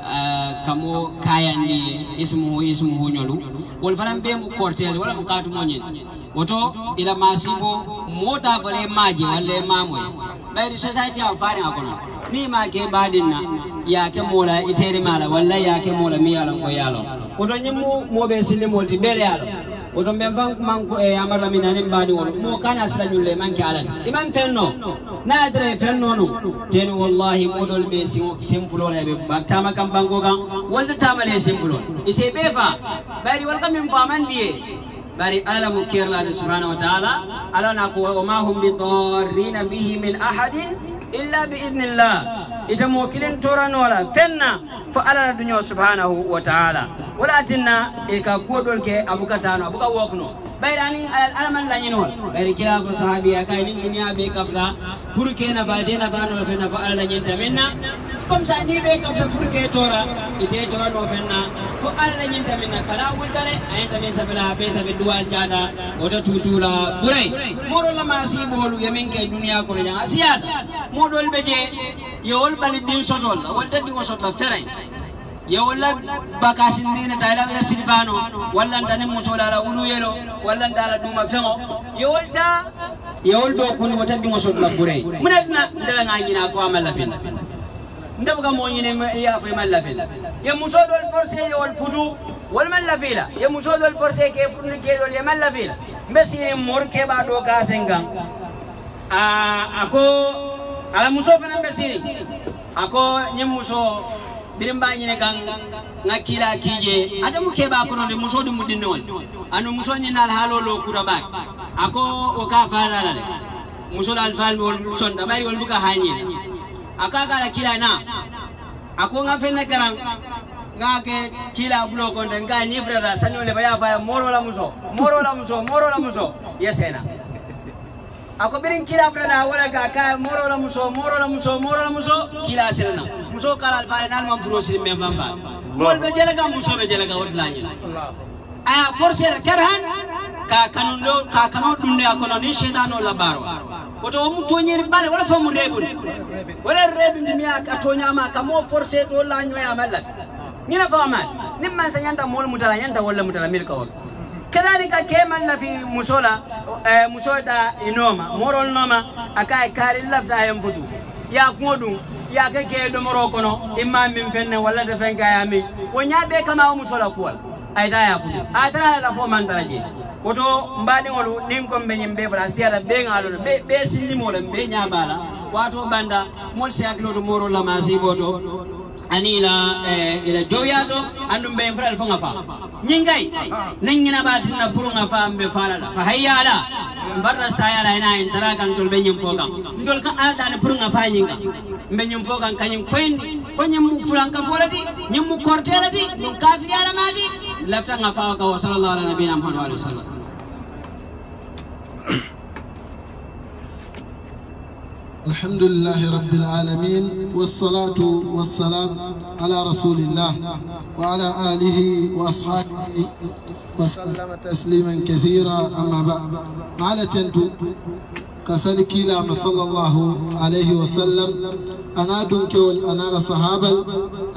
eh, kamo kayandi ismu ismu ñolu wol fanan be mu kortele wala mu katumoñinti woto ila masibo mota fole maji walle mamoy ɓayri society a ya faari akono ya ni ma ke badin na ya ke mola itere mala ya ke mola mi yalan ko yalo woto ñimmu moɓe sillimolti ɓeele yalo woto ɓen fan kumanko e eh, amarla min anin mbadi wol mo kana sila ñulle manke alati iman fenno na yatara fenno no teni wallahi moɗol ɓe simfulol heɓe battama kam bango kan woltatama le simfulol ise ɓe fa wol kam min faman bari ala mu kerlaɗo subhanahu wa taala ala ko wa ma hum bidarrina bihi min ahadin illa bi idnillah ita mo kilin toranola fenna fo alana dunyo subhanahu wa taala wala tinna e ka kuwodol ke abuka tano abuka wokno bayrani anin alal alaman nyinol bayri kila ko ya kay nin duniya be kafta pour ke balje te nafanol fe fa ala nyin tamenna comme ça ni be kafta pour ke tora ite fe na fo ala nyin tamenna kala ay tamen sa bala be be duwal jada wota tutula ɓuray moɗol lama siɓolu yemin ke duniya kono jan a siyata moɗol ɓe je yowol ɓali din sotol wonta digo sotla feray يولا بكاسين دين تايلا بيا سيلفانو ولا انت نموسولا لا ولو يلو ولا انت لا دوما فيمو يولتا يول دو كون وتا دوما سوت مبوري من ادنا دلا غانينا كو عمل فين ya fay malla ya musodol forcé ya wal wal malla ya musodol forcé ke funu ke ya malla mbesi mor ke ba do a ako ala muso fana mbesi ako nyem muso birimba nyine kan nga kila kije ata muke ba kono de musodi de mudinne anu musoni nal halo lo kura ako o ka fala la muso fal wol son da bari wol buka hanye aka kala kila na ako nga fene karan nga ke kila bulo kon de nga nifra da sanole ba ya fa moro la muso moro la muso moro la muso yesena ako birin kila frana wala ga ka moro la muso moro la muso moro la muso kila sirana muso kala al fare nan man furo sirin men fanfa wol be jela ga muso be jela ga wol lanya aya force la karhan ka kanundo ka kanu dunde akono ni shedano la baro woto wo mu tonyeri bare wala famu rebun wala rebin dimiya ka tonyama ka mo force do lanyo ya malla ngina fama nimman sanyanta mol mutala nyanta wala mutala milka wala kadhalika keman lafi musola eh, muso ta inoma morol noma akaye kari lafda ayen fudu ya kuŋo ya ke ke domoro kono imma min fenne walla te fen kaya mi wo be kama o musola kuwal ayta ya fudu atara la fo man taraje woto mbaɗiŋolu niŋ be ñiŋ bee fota siyata bee ŋaalo le bee sinnimo le be ñaabaa la waato banda moolu si hakkiloo to mooro lama siibo ani ila eh, ila jowiyato andum be fral fo ngafa nyingai ningina batina buru ngafa be falala fa hayyala barra sayala ina en tarakan tol be nyim fogan ndol ka ada ne buru ngafa nyinga be nyim fogan kanyim kwendi konyim mu fulanka folati nyim mu kortelati num kafiri ala madi lafta ngafa ka sallallahu alaihi wa sallam الحمد لله رب العالمين والصلاة والسلام على رسول الله وعلى آله وأصحابه وسلم تسليما كثيرا أما بعد على تنتو كسلك ما صلى الله عليه وسلم أنا دونك أنا صحابا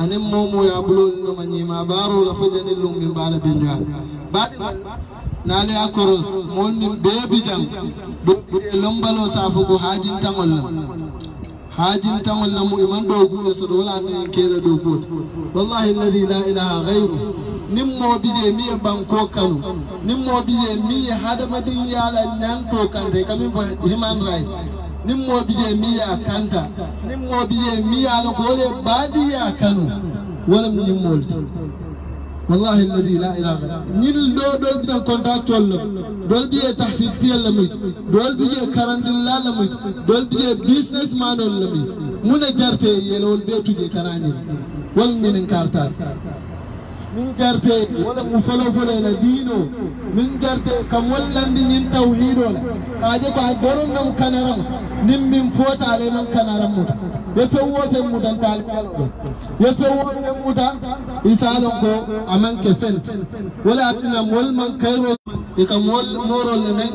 أنا مومو يا بلون من يما بارو لفجن اللوم من بالبنيان baɗɗe naale a koros monmin beebijan ɗoɓɓiɗe lombalo saafugo haajintagol nam haajintagol nam iman ɗo guuɗe so ɗo walanayi keela ɗo goota wallahi alladi la ilaha gayru nin mobije mi e banko kano nin mobije mi e hadama ɗin yaala nanto kante kamin fo himan ray nin mobije mi ya e kanta nin mobije mi yaala ko wole baɗiya e kano wolam nin molti والله الذي لا إله غيره نيل دو دو بيتا كونتاكت ولا دول بيجي تحفيد تيلا ميت دول بيجي كارند لا لا ميت دول بيجي بيزنس مان ولا ميت من جرتي يلول بيتو جي كراني مين كارتات min jarte wala mu folo folo la diino min jarte kam wallandi nin tawhido la kaje ko doron nam kanaram nin min fota le man kanaram muta be fe wote mudan tal ye fe wote muta isalon ko aman ke fent wala atina mol man kayro e kam wol moro le men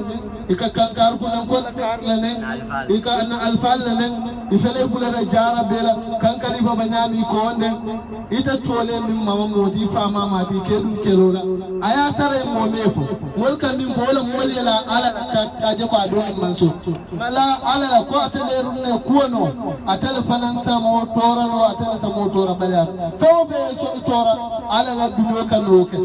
ika kankar kunan ko kar lanen ika na alfal lanen ifele kula da jara bela kankali fa banyami ko wonde ita tole min mama modi fama mati kedu kelola aya tare mo mefo wolka min fola molela ala ka je ko adon manso mala ala ko atale runne kuono atale fanan samo tora no atale samo tora bala tobe so tora ala la dunyo kanoke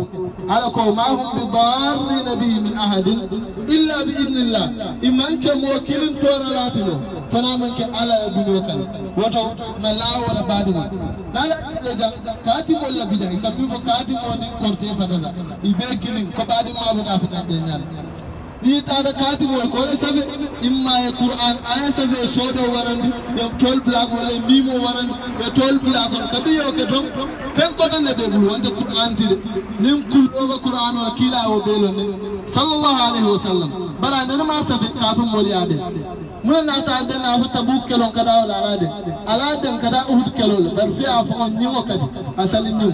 ala ko ma hum bi darrin bi min ahadin illa bi alhamdulillah imanke mo kilin tora latino fana manke ala ya dunyo kan wato na lawa da badi ma na ya kile ja kati mo la bija ka bi fo kati mo ni korte fadala ibe kilin ko badi ma bu ka fu kan de ɗi tata katimoy e kole saabe imma e qouran aya saabe e soodo warandi yom e tolblakoe mimo warandi e tolblakon kadi yewke ton fenko tan ne ɓeɓul wonde qur'antide nin kulɓoɓe qouran o kiila o ɓeylon ne sallllahu alayhi wa sallam bala nenema saabe kafe molyade mun na ta de na huta bu kelon kada wala alade aladen kada uhud kelol bal fi afa on ni wa kadi asalin ni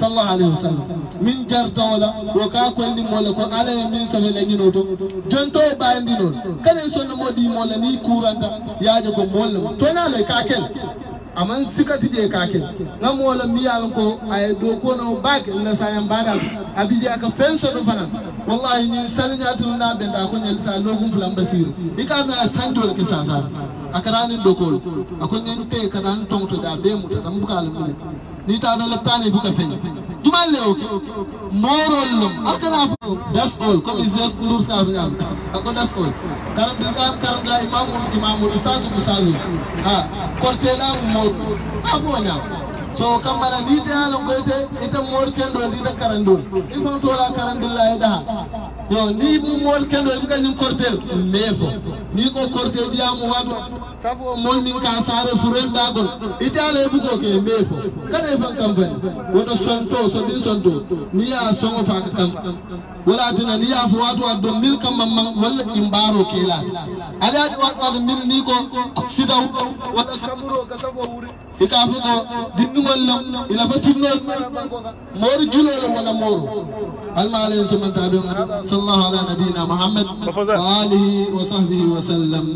sallallahu alaihi wasallam min jarta wala wa ka ko ni mola ko ala min sabe la ni noto jonto ba ndi non kane son mo di mola ni kuranta yaaje ko mola to na le ka kel aman sikati tije kake ngamo la miyal ko ay do ko no bag na sayan badal abiji aka fenso do fanan wallahi ni salinya tun na benda ko nyel sa logun fulan basir ika na sandol ke sasar akaranin ko akon nyen te kanan tongto da be muta tambuka almin ni ta da laptani buka fenyo normale oke morolnum alkana fo that's all comme ise ndour safiñam ako that's all karamdirɗam karamɗa imamum imamum sasu ah, mu sasu a cortelam mo a fo ñam so kammala ni te halon goyte ita mor kendo e di da karandol ifan tola karandul la ida e yo ni bu mor kendo bi ka nim kortel mefo ni ko kortel dia mu wado safo mol min ka sare furel dagol ita ale bu ko ke mefo kada ifan e kamfani wodo sonto so din sonto ni ya songo fa ka kam wala tina ni ya fu wado do mil kam mamman walla imbaro ke lati alaaji warɗoɗo milni ko sidaw walla kamɓuro gasabo wuri ika fo ko dinɗugol nam ina fo finnol mooru julolem walla mooru almaala en sumantaɓe sallllahu ala nabina muhammad wa alihi wa sahbihi wa sallam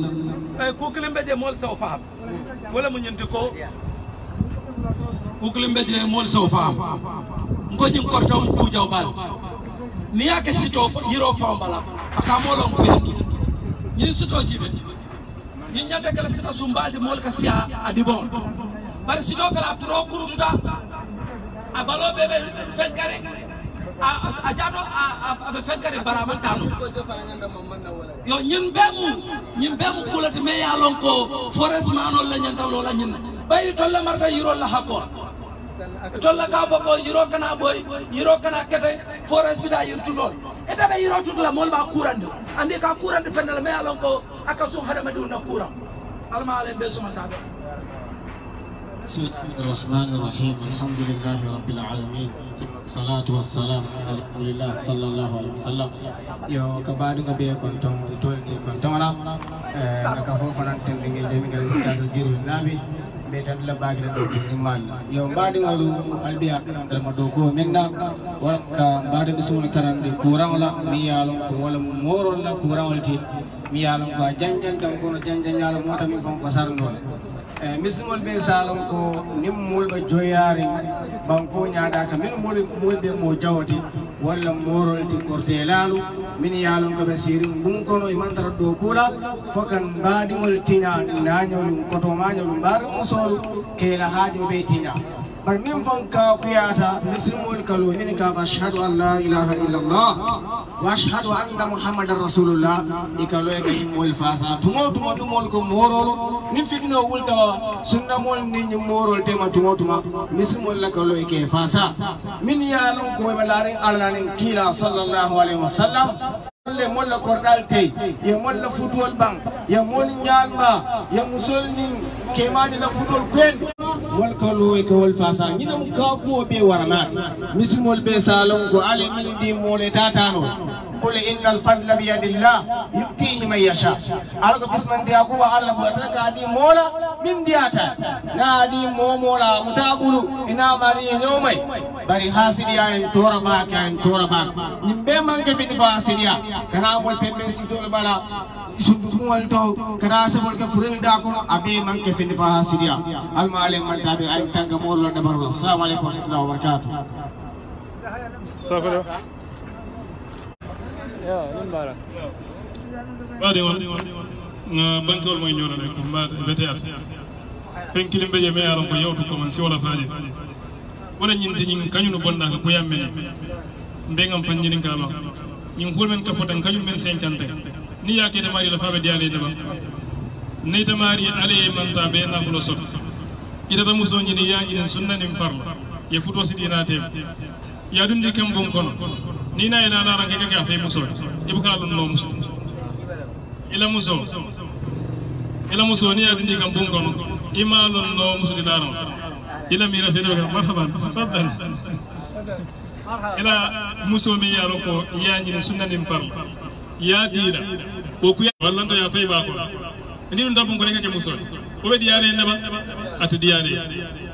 eyyi eh, kukilimɓe je mool sow faam wala mo ñinti ko kukilimɓe je mool sow faam goñin kortaw ku jaw balde ni yake sito yiro faam bala aka moolon kuyandu ñin sito jibe ñin ñande kala sita di mol ka siya adibon bari sito fela tro kunduta a balo bebe fen kare a jato a be fen kare bara man tanu yo ñin be mu ñin be mu kulati me ya lon ko forest manol la ñantam lola ñin bayri tolle marta yiro la hakor tolla ka fo ko yiro kana boy yiro kana kete forest bi da yir tutol eta be yiro tutla mol ba kurande ande ka kurande fenal me alon ko akasu hada madu na kuram alma ale be suma tabe بسم الله الرحمن الرحيم الحمد لله رب العالمين الصلاة والسلام على رسول الله صلى الله عليه وسلم يو كبادو كبير كنتم تقول كنتم أنا كفوف أنا تنتهي جميع الإسكات الجيرو النبي betan la bagre do iman yo badi walu albiya dal ma do ko minna wakka badi bisul tarande kurawla mi yalo ko wala moron la kurawlti mi yalo ko janjan tan ko janjan Eh, misilol ɓe salon ko nin mulɓe joyari banko ñaɗa ka min mulɓe mo jawti walla morolti kortelalu min yalon koɓe sirin ɗum kono e mantara ɗo kuula fokan mbaɗimol tiña nañolum koto mañolum mbaɗa musol kela haajo ɓe tiña بل من فنكا قياتا مسلمون كلو منك فاشهد أن لا إله إلا الله واشهد أن محمد رسول الله إكلو يكيم والفاسا تمو تمو تمو لكم مورو نفتنا ولتا سنة مول نين مورو التما تمو تمو مسلمون لكلو يكي فاسا من يالون كوي بلارين ألانين كيلا صلى الله عليه وسلم le molla kordal tey ye molla futol bang ye mol nyalma ye musol nin kemaji la futol kwen wal kalu e ko wal fasa nyina mu ka ko be waranat misimol be salon ko ale min di mole tatano قل إن الفضل بيد الله يؤتيه من يشاء أرجو فسمن دياكو وعلى بوترك أدي مولا من دياتا نادي مو مولا متابل إنا مري نومي بري حاسد يا إن تورا باك يا إن تورا باك نبي من كيف نفاسد يا كنا مول بيمن بلا كنا سبول كفرين داكو أبي من كيف نفاسد يا المعلم من تابع السلام عليكم ورحمة الله وبركاته. baɗewol banquewol moye ñoonane ko mbeteyat penkilim ɓe je me yaron ko yewtu koman siwolafaje wona ñinde ñin kañunu bonnaka buyam men mbegam fan ñinin kama ñin huol men kafotan kañun men cinquante ni yakete mari la faɓe diyalede ma neyta mari alaye manta ɓe nafulo soto itata muso ñini yañinen sunnanin farla ye futo siɗinatem ya ɗum ɗi kam bon kono ni na ina na ranke kake afi muso ibuka lun no muso ila muso ila muso ni ya bindi kam bungo no ima lun no muso di daram ila mira fe do marhaban faddal ila muso mi ya roko ya ni sunna nim far ya dira ko ku wallan da ya fai ba ko ni dun dabun ko ne kake muso o be diyare ne ba ati diyare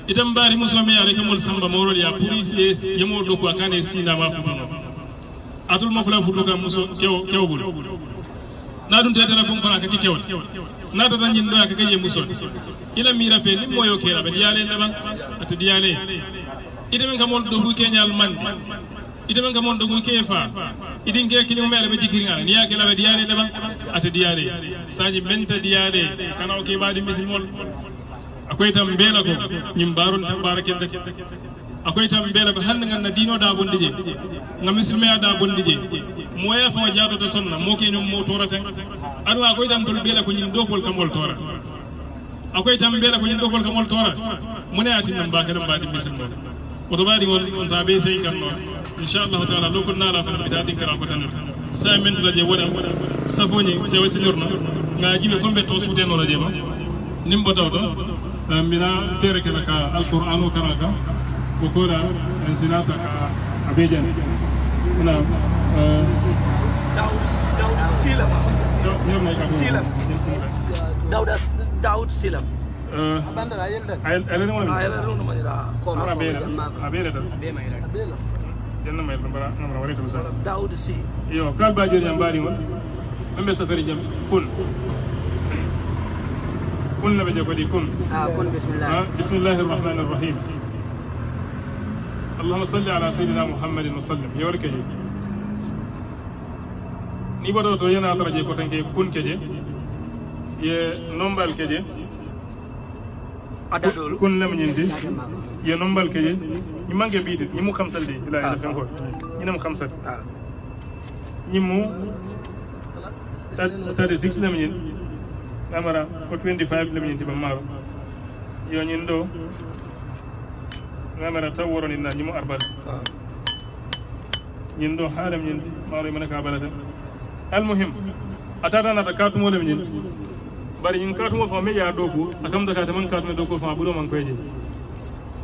idan bari muso mi ya reke samba moro ya puris yes yemo do ko akane sina wa fu atul mo fula fudu kam muso kew kewgol na ɗum tetara bum kono akake kewde na tata ñinɗo akake je muso ila mira fe ni moyo kera ɓe diale en ɗaɓan ata diale ite men kamol dogu keñal mande ite men kamol dogu ke fa idin ke kiñum meɗa ɓe niya ni yake laɓe diyale ɗaɓan ata diyale saji benta diyale kana o ke mbaɗi misimol akoy tan mbela ko ñim mbaron tan mbara akoy tan mbele ko hannde ganda dino da bonde je ngam misilmaya da bonde je mo ya fa jaatoto sonna mo ke ñom mo torata aɗum akoy tan tol mbele ko ñin dokol kamol tora akoy tan mbele ko ñin dokol kamol tora mune atinnan mbakadam mbaɗi misilmo oto mbaɗi won on ta ɓe sey kam noon inchallahu taala lokol naala fana mbita ɗinkara ko tan sa men tula je waɗa safoñi sewa sinirno ga jiɓe fo mbetto suutenola je ma nim mbotaw to mbina feere kala ka alqouran o kana kam Bukura, dan senata ka know, uh, Daud Silam. Silam. Daud Daud Silam. Eh, Abanda ah, no. no Abela. Abela. Abela. wari ya Daud Si. Yo, kal bajir won. safari jam kun. kun kun. Ah, kun bismillah. Ah, اللهم صل على سيدنا محمد وسلم يورك جي ni bodo to yana tara je ko tanke kun keje ye nombal keje adadol kun lam nyindi ye nombal keje ni manke biidi ni mu khamsal de ila ila fenko ni mu khamsal ni mu tade 6 lam nyin amara ko 25 lam nyindi ba maro yo nyin do namara taw woroni na ñimo arbal ñin ɗo haalem ñin maaro ka balata almuhim a tatanata katumolem ñin bari ñin katumo ya fa meƴa ɗo ko a kamta kate man katume ɗo fa ɓuuro man koyeje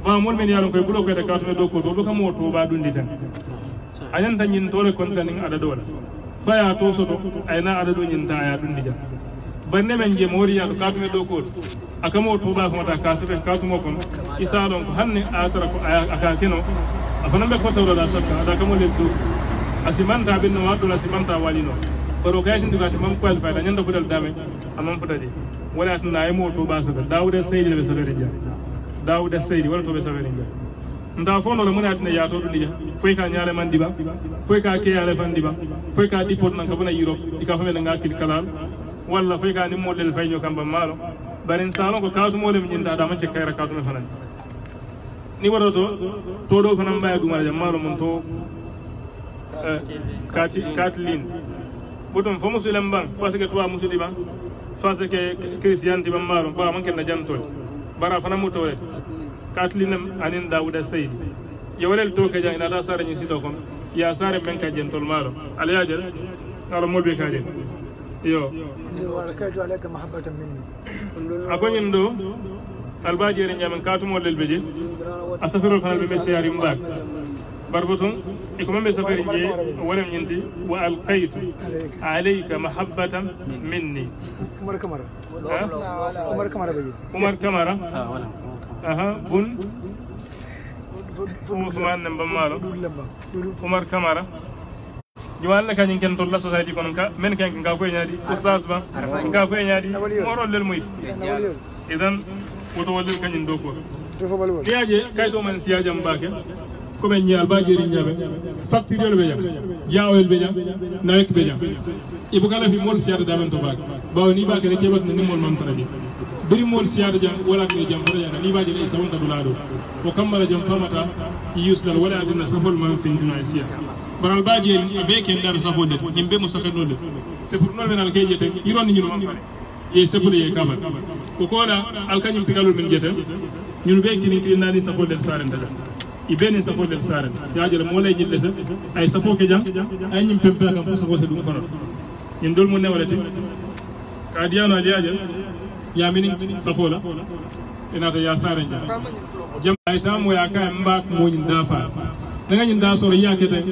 famol men yaalon koye ɓuuro koyta katume ɗo ko to ɗo kamo tuba ɗundi tan ñin tore kontanin aɗa ɗola faya to soto ayna aɗa ɗo ñinta aya ɗundi jam bari ne men je mawriyato katume ɗo ko a kamo tuba komata ka sefe katumo kon isa don ko hanni akara ko aka kino afana be ko tawra da sakka ada kamo le to asimanta bin no wadu asimanta walino koro kay tindu gata mam qualify da nyanda fudal dame amam fudali wala tun na yimo to basa da dawuda saydi be sabere ja dawuda saydi wala to be sabere ja nda fono le munati ne yato duliya foy ka nyaale man diba foy ka ke yaale fan diba foy ka dipot nan ka bana europe ika fa mel nga kil kalal wala foy ka ni model fayno kamba malo barin salon ko kawtu model nyinda da man ce kayra kawtu fanan ni waroto to fanam baye mbaya gumaraja maro mum to eh, katlin ɓoɗum fo musulem mban parce que toi musudi ɓan fase ke christian ti ɓan maaro ɓawa man jam to bara to mutore katlin anin dawuda seydi yewrel to ke jang ina la sare ni sito kom ya sare men ka jentol maaro alayajel ala molɓe kaɗen yo akoñin ɗo الباجيرين جامن كاتم ولا البيج أسافر الفنان fanal ɓe بربطهم إكما مسافر جي ولم ينتي وألقيت عليك محبة مني عمر كمرة عمر كمرة بيجي عمر كمرة آه، أها بن عثمان نبمارو عمر كمرة جوال لك أنك أنت الله سعيد كونك من كان كافئ نادي أستاذ ما كافئ نادي مرة للميت إذن woto wallir kañum dow goto ndiyaje kayto man siyajam mbake komin ñaal ba jeeri ñaame facturiel ɓe ñam yaawel ɓe ñam nawek ɓe ñam ibo kala fi mool siyata damen to mbake bawa ni mbake ne keɓatna ni mool mamtana ni biri mool siyata jam walak ɓe jam hotoƴana ni mbaje ɗe sawonta ɗula ɗo o kammala jam famata yusdal waɗa atinna safol mam finduna e siya baral ba jeeri a ɓe ken ɗar safolle yimɓe mo safennolle c'est pour noon men alkeje ten ironni ñino mamtane ye sepule ye kamal ko kola alkañum tigalol men jeten ñun ɓe kini tinnani sappo nder saren taga i ɓenin sappo nder saren yajere moolay ñiɗɗe se ay sappo ke jang ay ñim pempea kam fo sappo se ɗum kono ñin dol mu newalati ka diyano adi yaje yaminin sappo la enata ya saren jam jam ay tamoya ka mbak moñin dafa daga ñin da soro yakete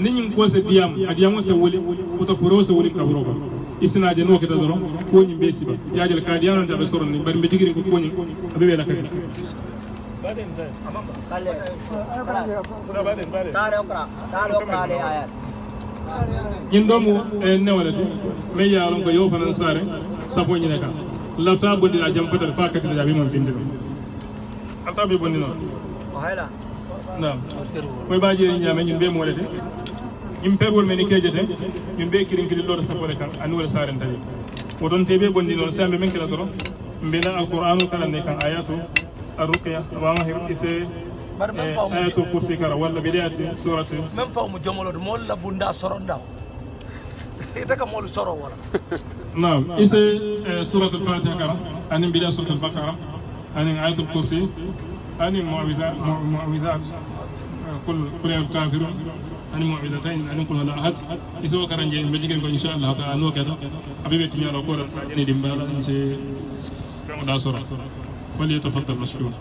ñin ko se diyam adiyamo se wuli koto furo se wuli kaburo ba isnaje no kita doron koñi be siba yajal ka di yanon tabe soron ni bari be jigiri ko koñi abe be la kadi baden sai amamba kale baden baden tare okra tare okra le ayas ñin domu e newalati me yaalon ko yow fanan sare safo ñine ka lafta bondira jam fatal fa kati da bi mon finde alta be bondino o hayla nam moy baaji ñame ñun be mo walete imperwol men kejete min ɓe kirinkili ɗo to sappole kan anni wala saren tawi woton teɓe gonɗi noon sambe men kela doro mbina alqouranu kalande kan ayatu arruqya wamahir ise ayatu kursi kara walla mbiɗa yati surati même fawmo jomolode mo olla bunda soronɗam ita ka molu soro wala nam ise suratul fatiha kara anin mbiɗa suratul bakara anin ayatul kursi anin mowizat kul qul ya kafirun ani mu'minatayn ani qul hala ahad iso karanje be jigen ko inshallah ta'ala no keda abibe tinyaro ko da sajani dimbala se kamo da sura فليتفضل مشكور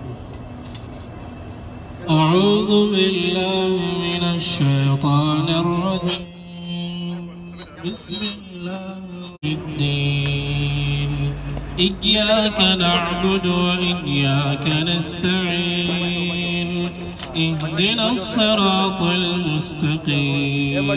أعوذ بالله من الشيطان الرجيم بسم الله الدين إياك نعبد وإياك نستعين اهدنا الصراط المستقيم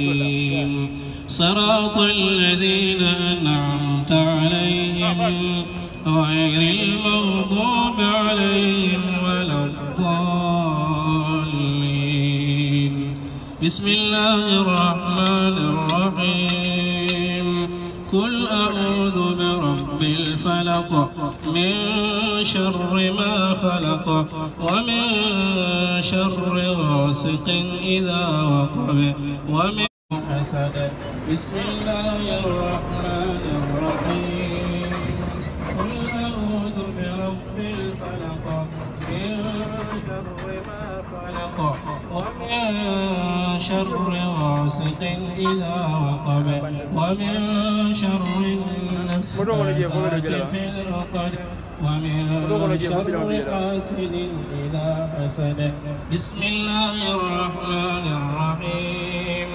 صراط الذين أنعمت عليهم غير المغضوب عليهم ولا الضالين بسم الله الرحمن الرحيم قل أعوذ برب رب الفلق من شر ما خلق ومن شر غاسق إذا وقب ومن حسد بسم الله الرحمن الرحيم قل أعوذ برب الفلق من شر ما خلق ومن شر غاسق إذا وقب ومن شر بسم الله الرحمن الرحيم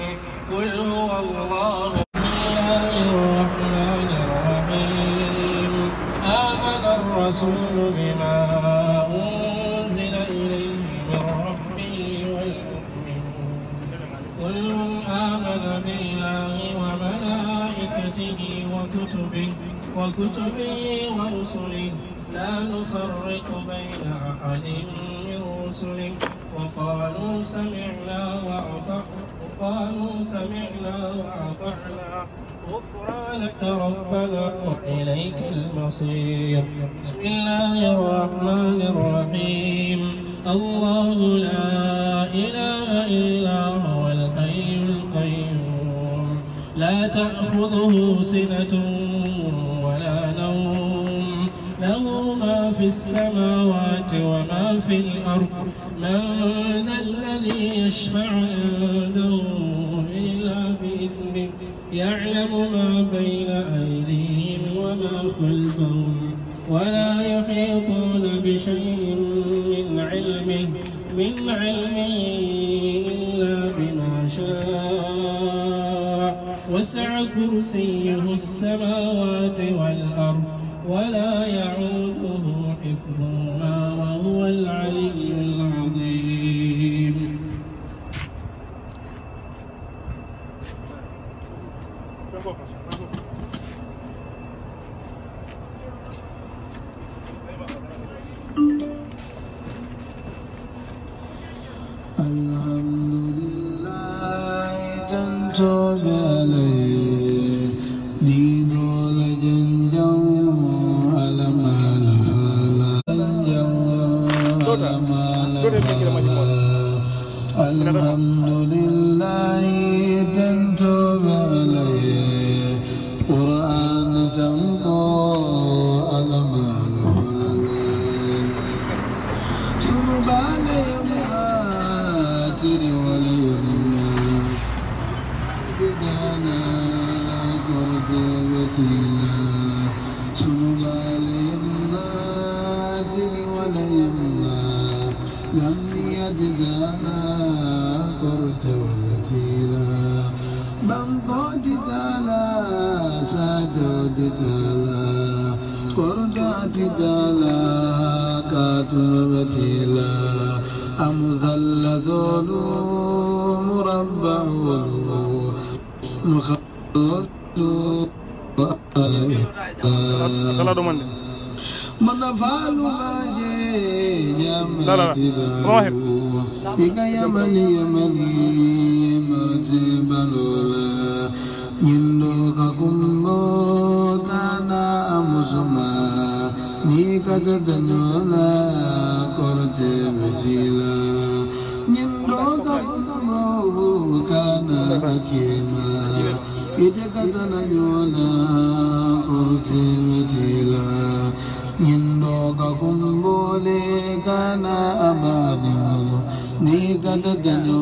قل هو الله بسم الله الرحمن الرحيم آمن الرسول بما وكتبه ورسله لا نفرق بين أحد من رسله وقالوا سمعنا وأطعنا سمعنا وأطعنا غفرانك ربنا وإليك المصير بسم الله الرحمن الرحيم الله لا إله إلا هو الحي القيوم لا تأخذه سنة في السماوات وما في الأرض من ذا الذي يشفع عنده إلا بإذنه يعلم ما بين أيديهم وما خلفهم ولا يحيطون بشيء من علمه من علمه إلا بما شاء وسع كرسيه السماوات والأرض ولا يعود light. cavalo vale Corre. other than you.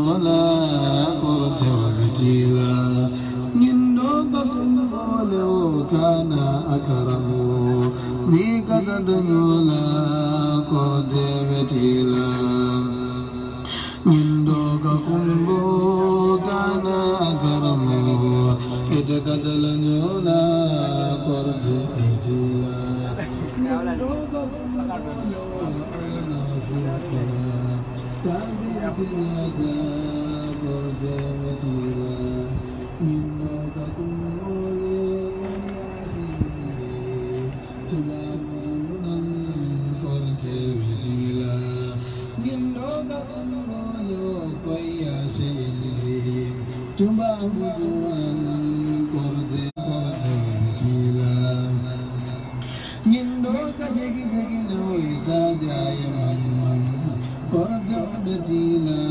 Nindoka begi begi ndoi za jaya man man. Kora jodati la.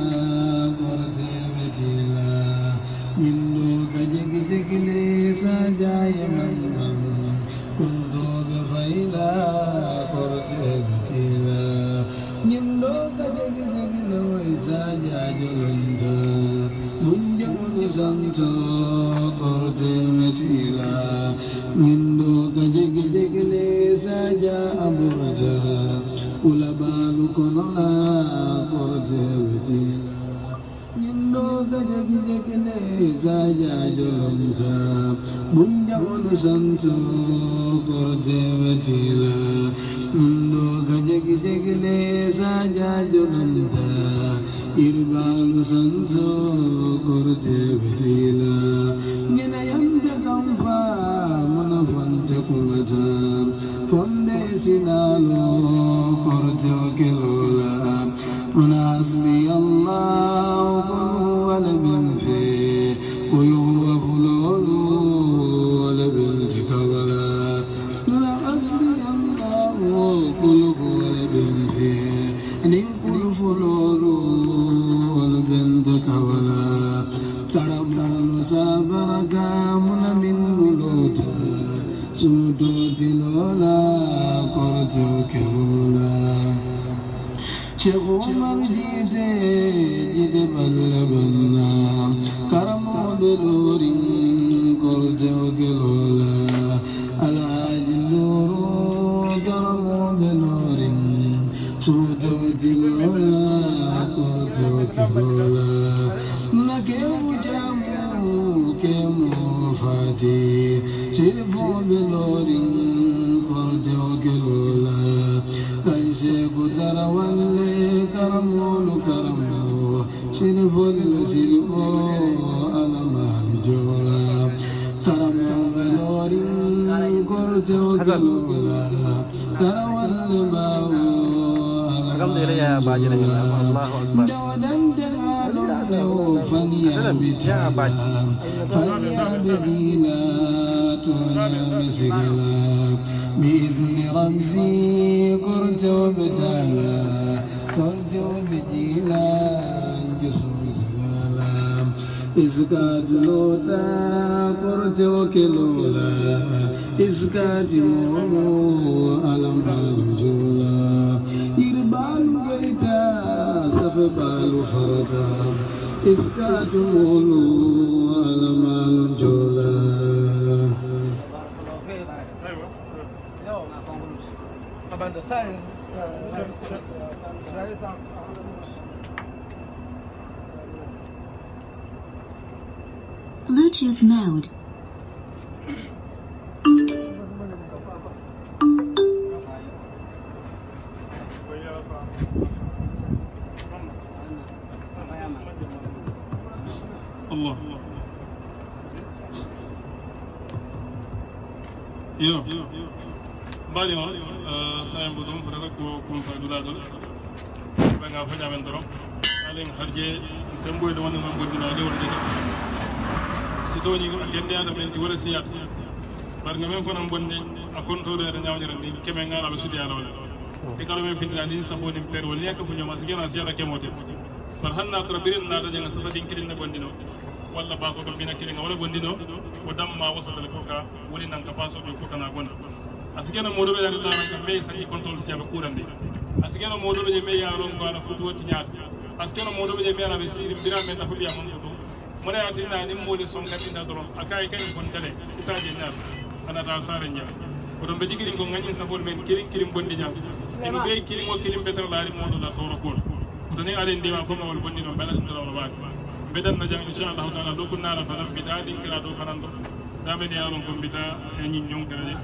دندن له فليعبدها فليعبدينات ولا مسكنا بإذن ربي كرت وبتالا كرت وبجيلا جسم سلالا إزكاد لوتا كرت وكلولا إزكاد مومو ألم رجولا الأقبال خرجا إسكات مولو والمال جولا Bluetooth mode. iyo mbaɗimol sahen bo ɗum fotata ko kon fayduɗa ɗon jam fo ñamen doron alen harje semboyde wonde noon gondinade wonde sitoji kende adamen ti wala siyata par ce que men fonan bonde a contoɗoede ñawñere ndi kemen ngalaɓe suti alawle e kala men fitira ndin safonin perwol ni a kafuñoma si gena siyata kemote par hanna tora birin naɗa jenga safa ɗin kiɗinne walla bakogol mbina bina nga wala gondi ɗo ko damma wasatale pour ka woni nan ka pasoɓe pour kana gonda a sikeno moɗoɓe ɗani laranka mai sañi contrôle siyaɓe kurandi a sikeno moɗoɓe je mai yaron ko ala fotu wotti ñaatu a sikeno moɗoɓe je mai alaɓe siri mbiramen ɗa foɓiya mon fotu mona yatinna ɗin moɗe son gaɗinta doron a kaye kañum fontale isaje ñaatu anata sare ñaatu oɗon ɓe jikirin ko gañin safol men kirin kirin bonɗi ñaatu ino ɓe kirin o kirin ɓetere laari moɗo la toro ko to ni aɗen ndima fof ma wol bonɗi ɗon ɓe alaɗum ɗoɗa بدل نجام إن شاء الله تعالى لو كنا فلم بيتا دينكرا دو فرانتو دامين يا لون بيتا يعني نيون كرادي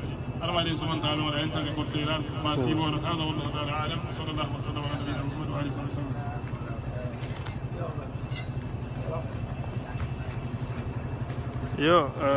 ألم علي سمعت على ما أنت كقول في طيب. إيران ما سيبور هذا والله تعالى عالم صلى الله وسلم على نبينا محمد وعلى آله وسلم يو آه،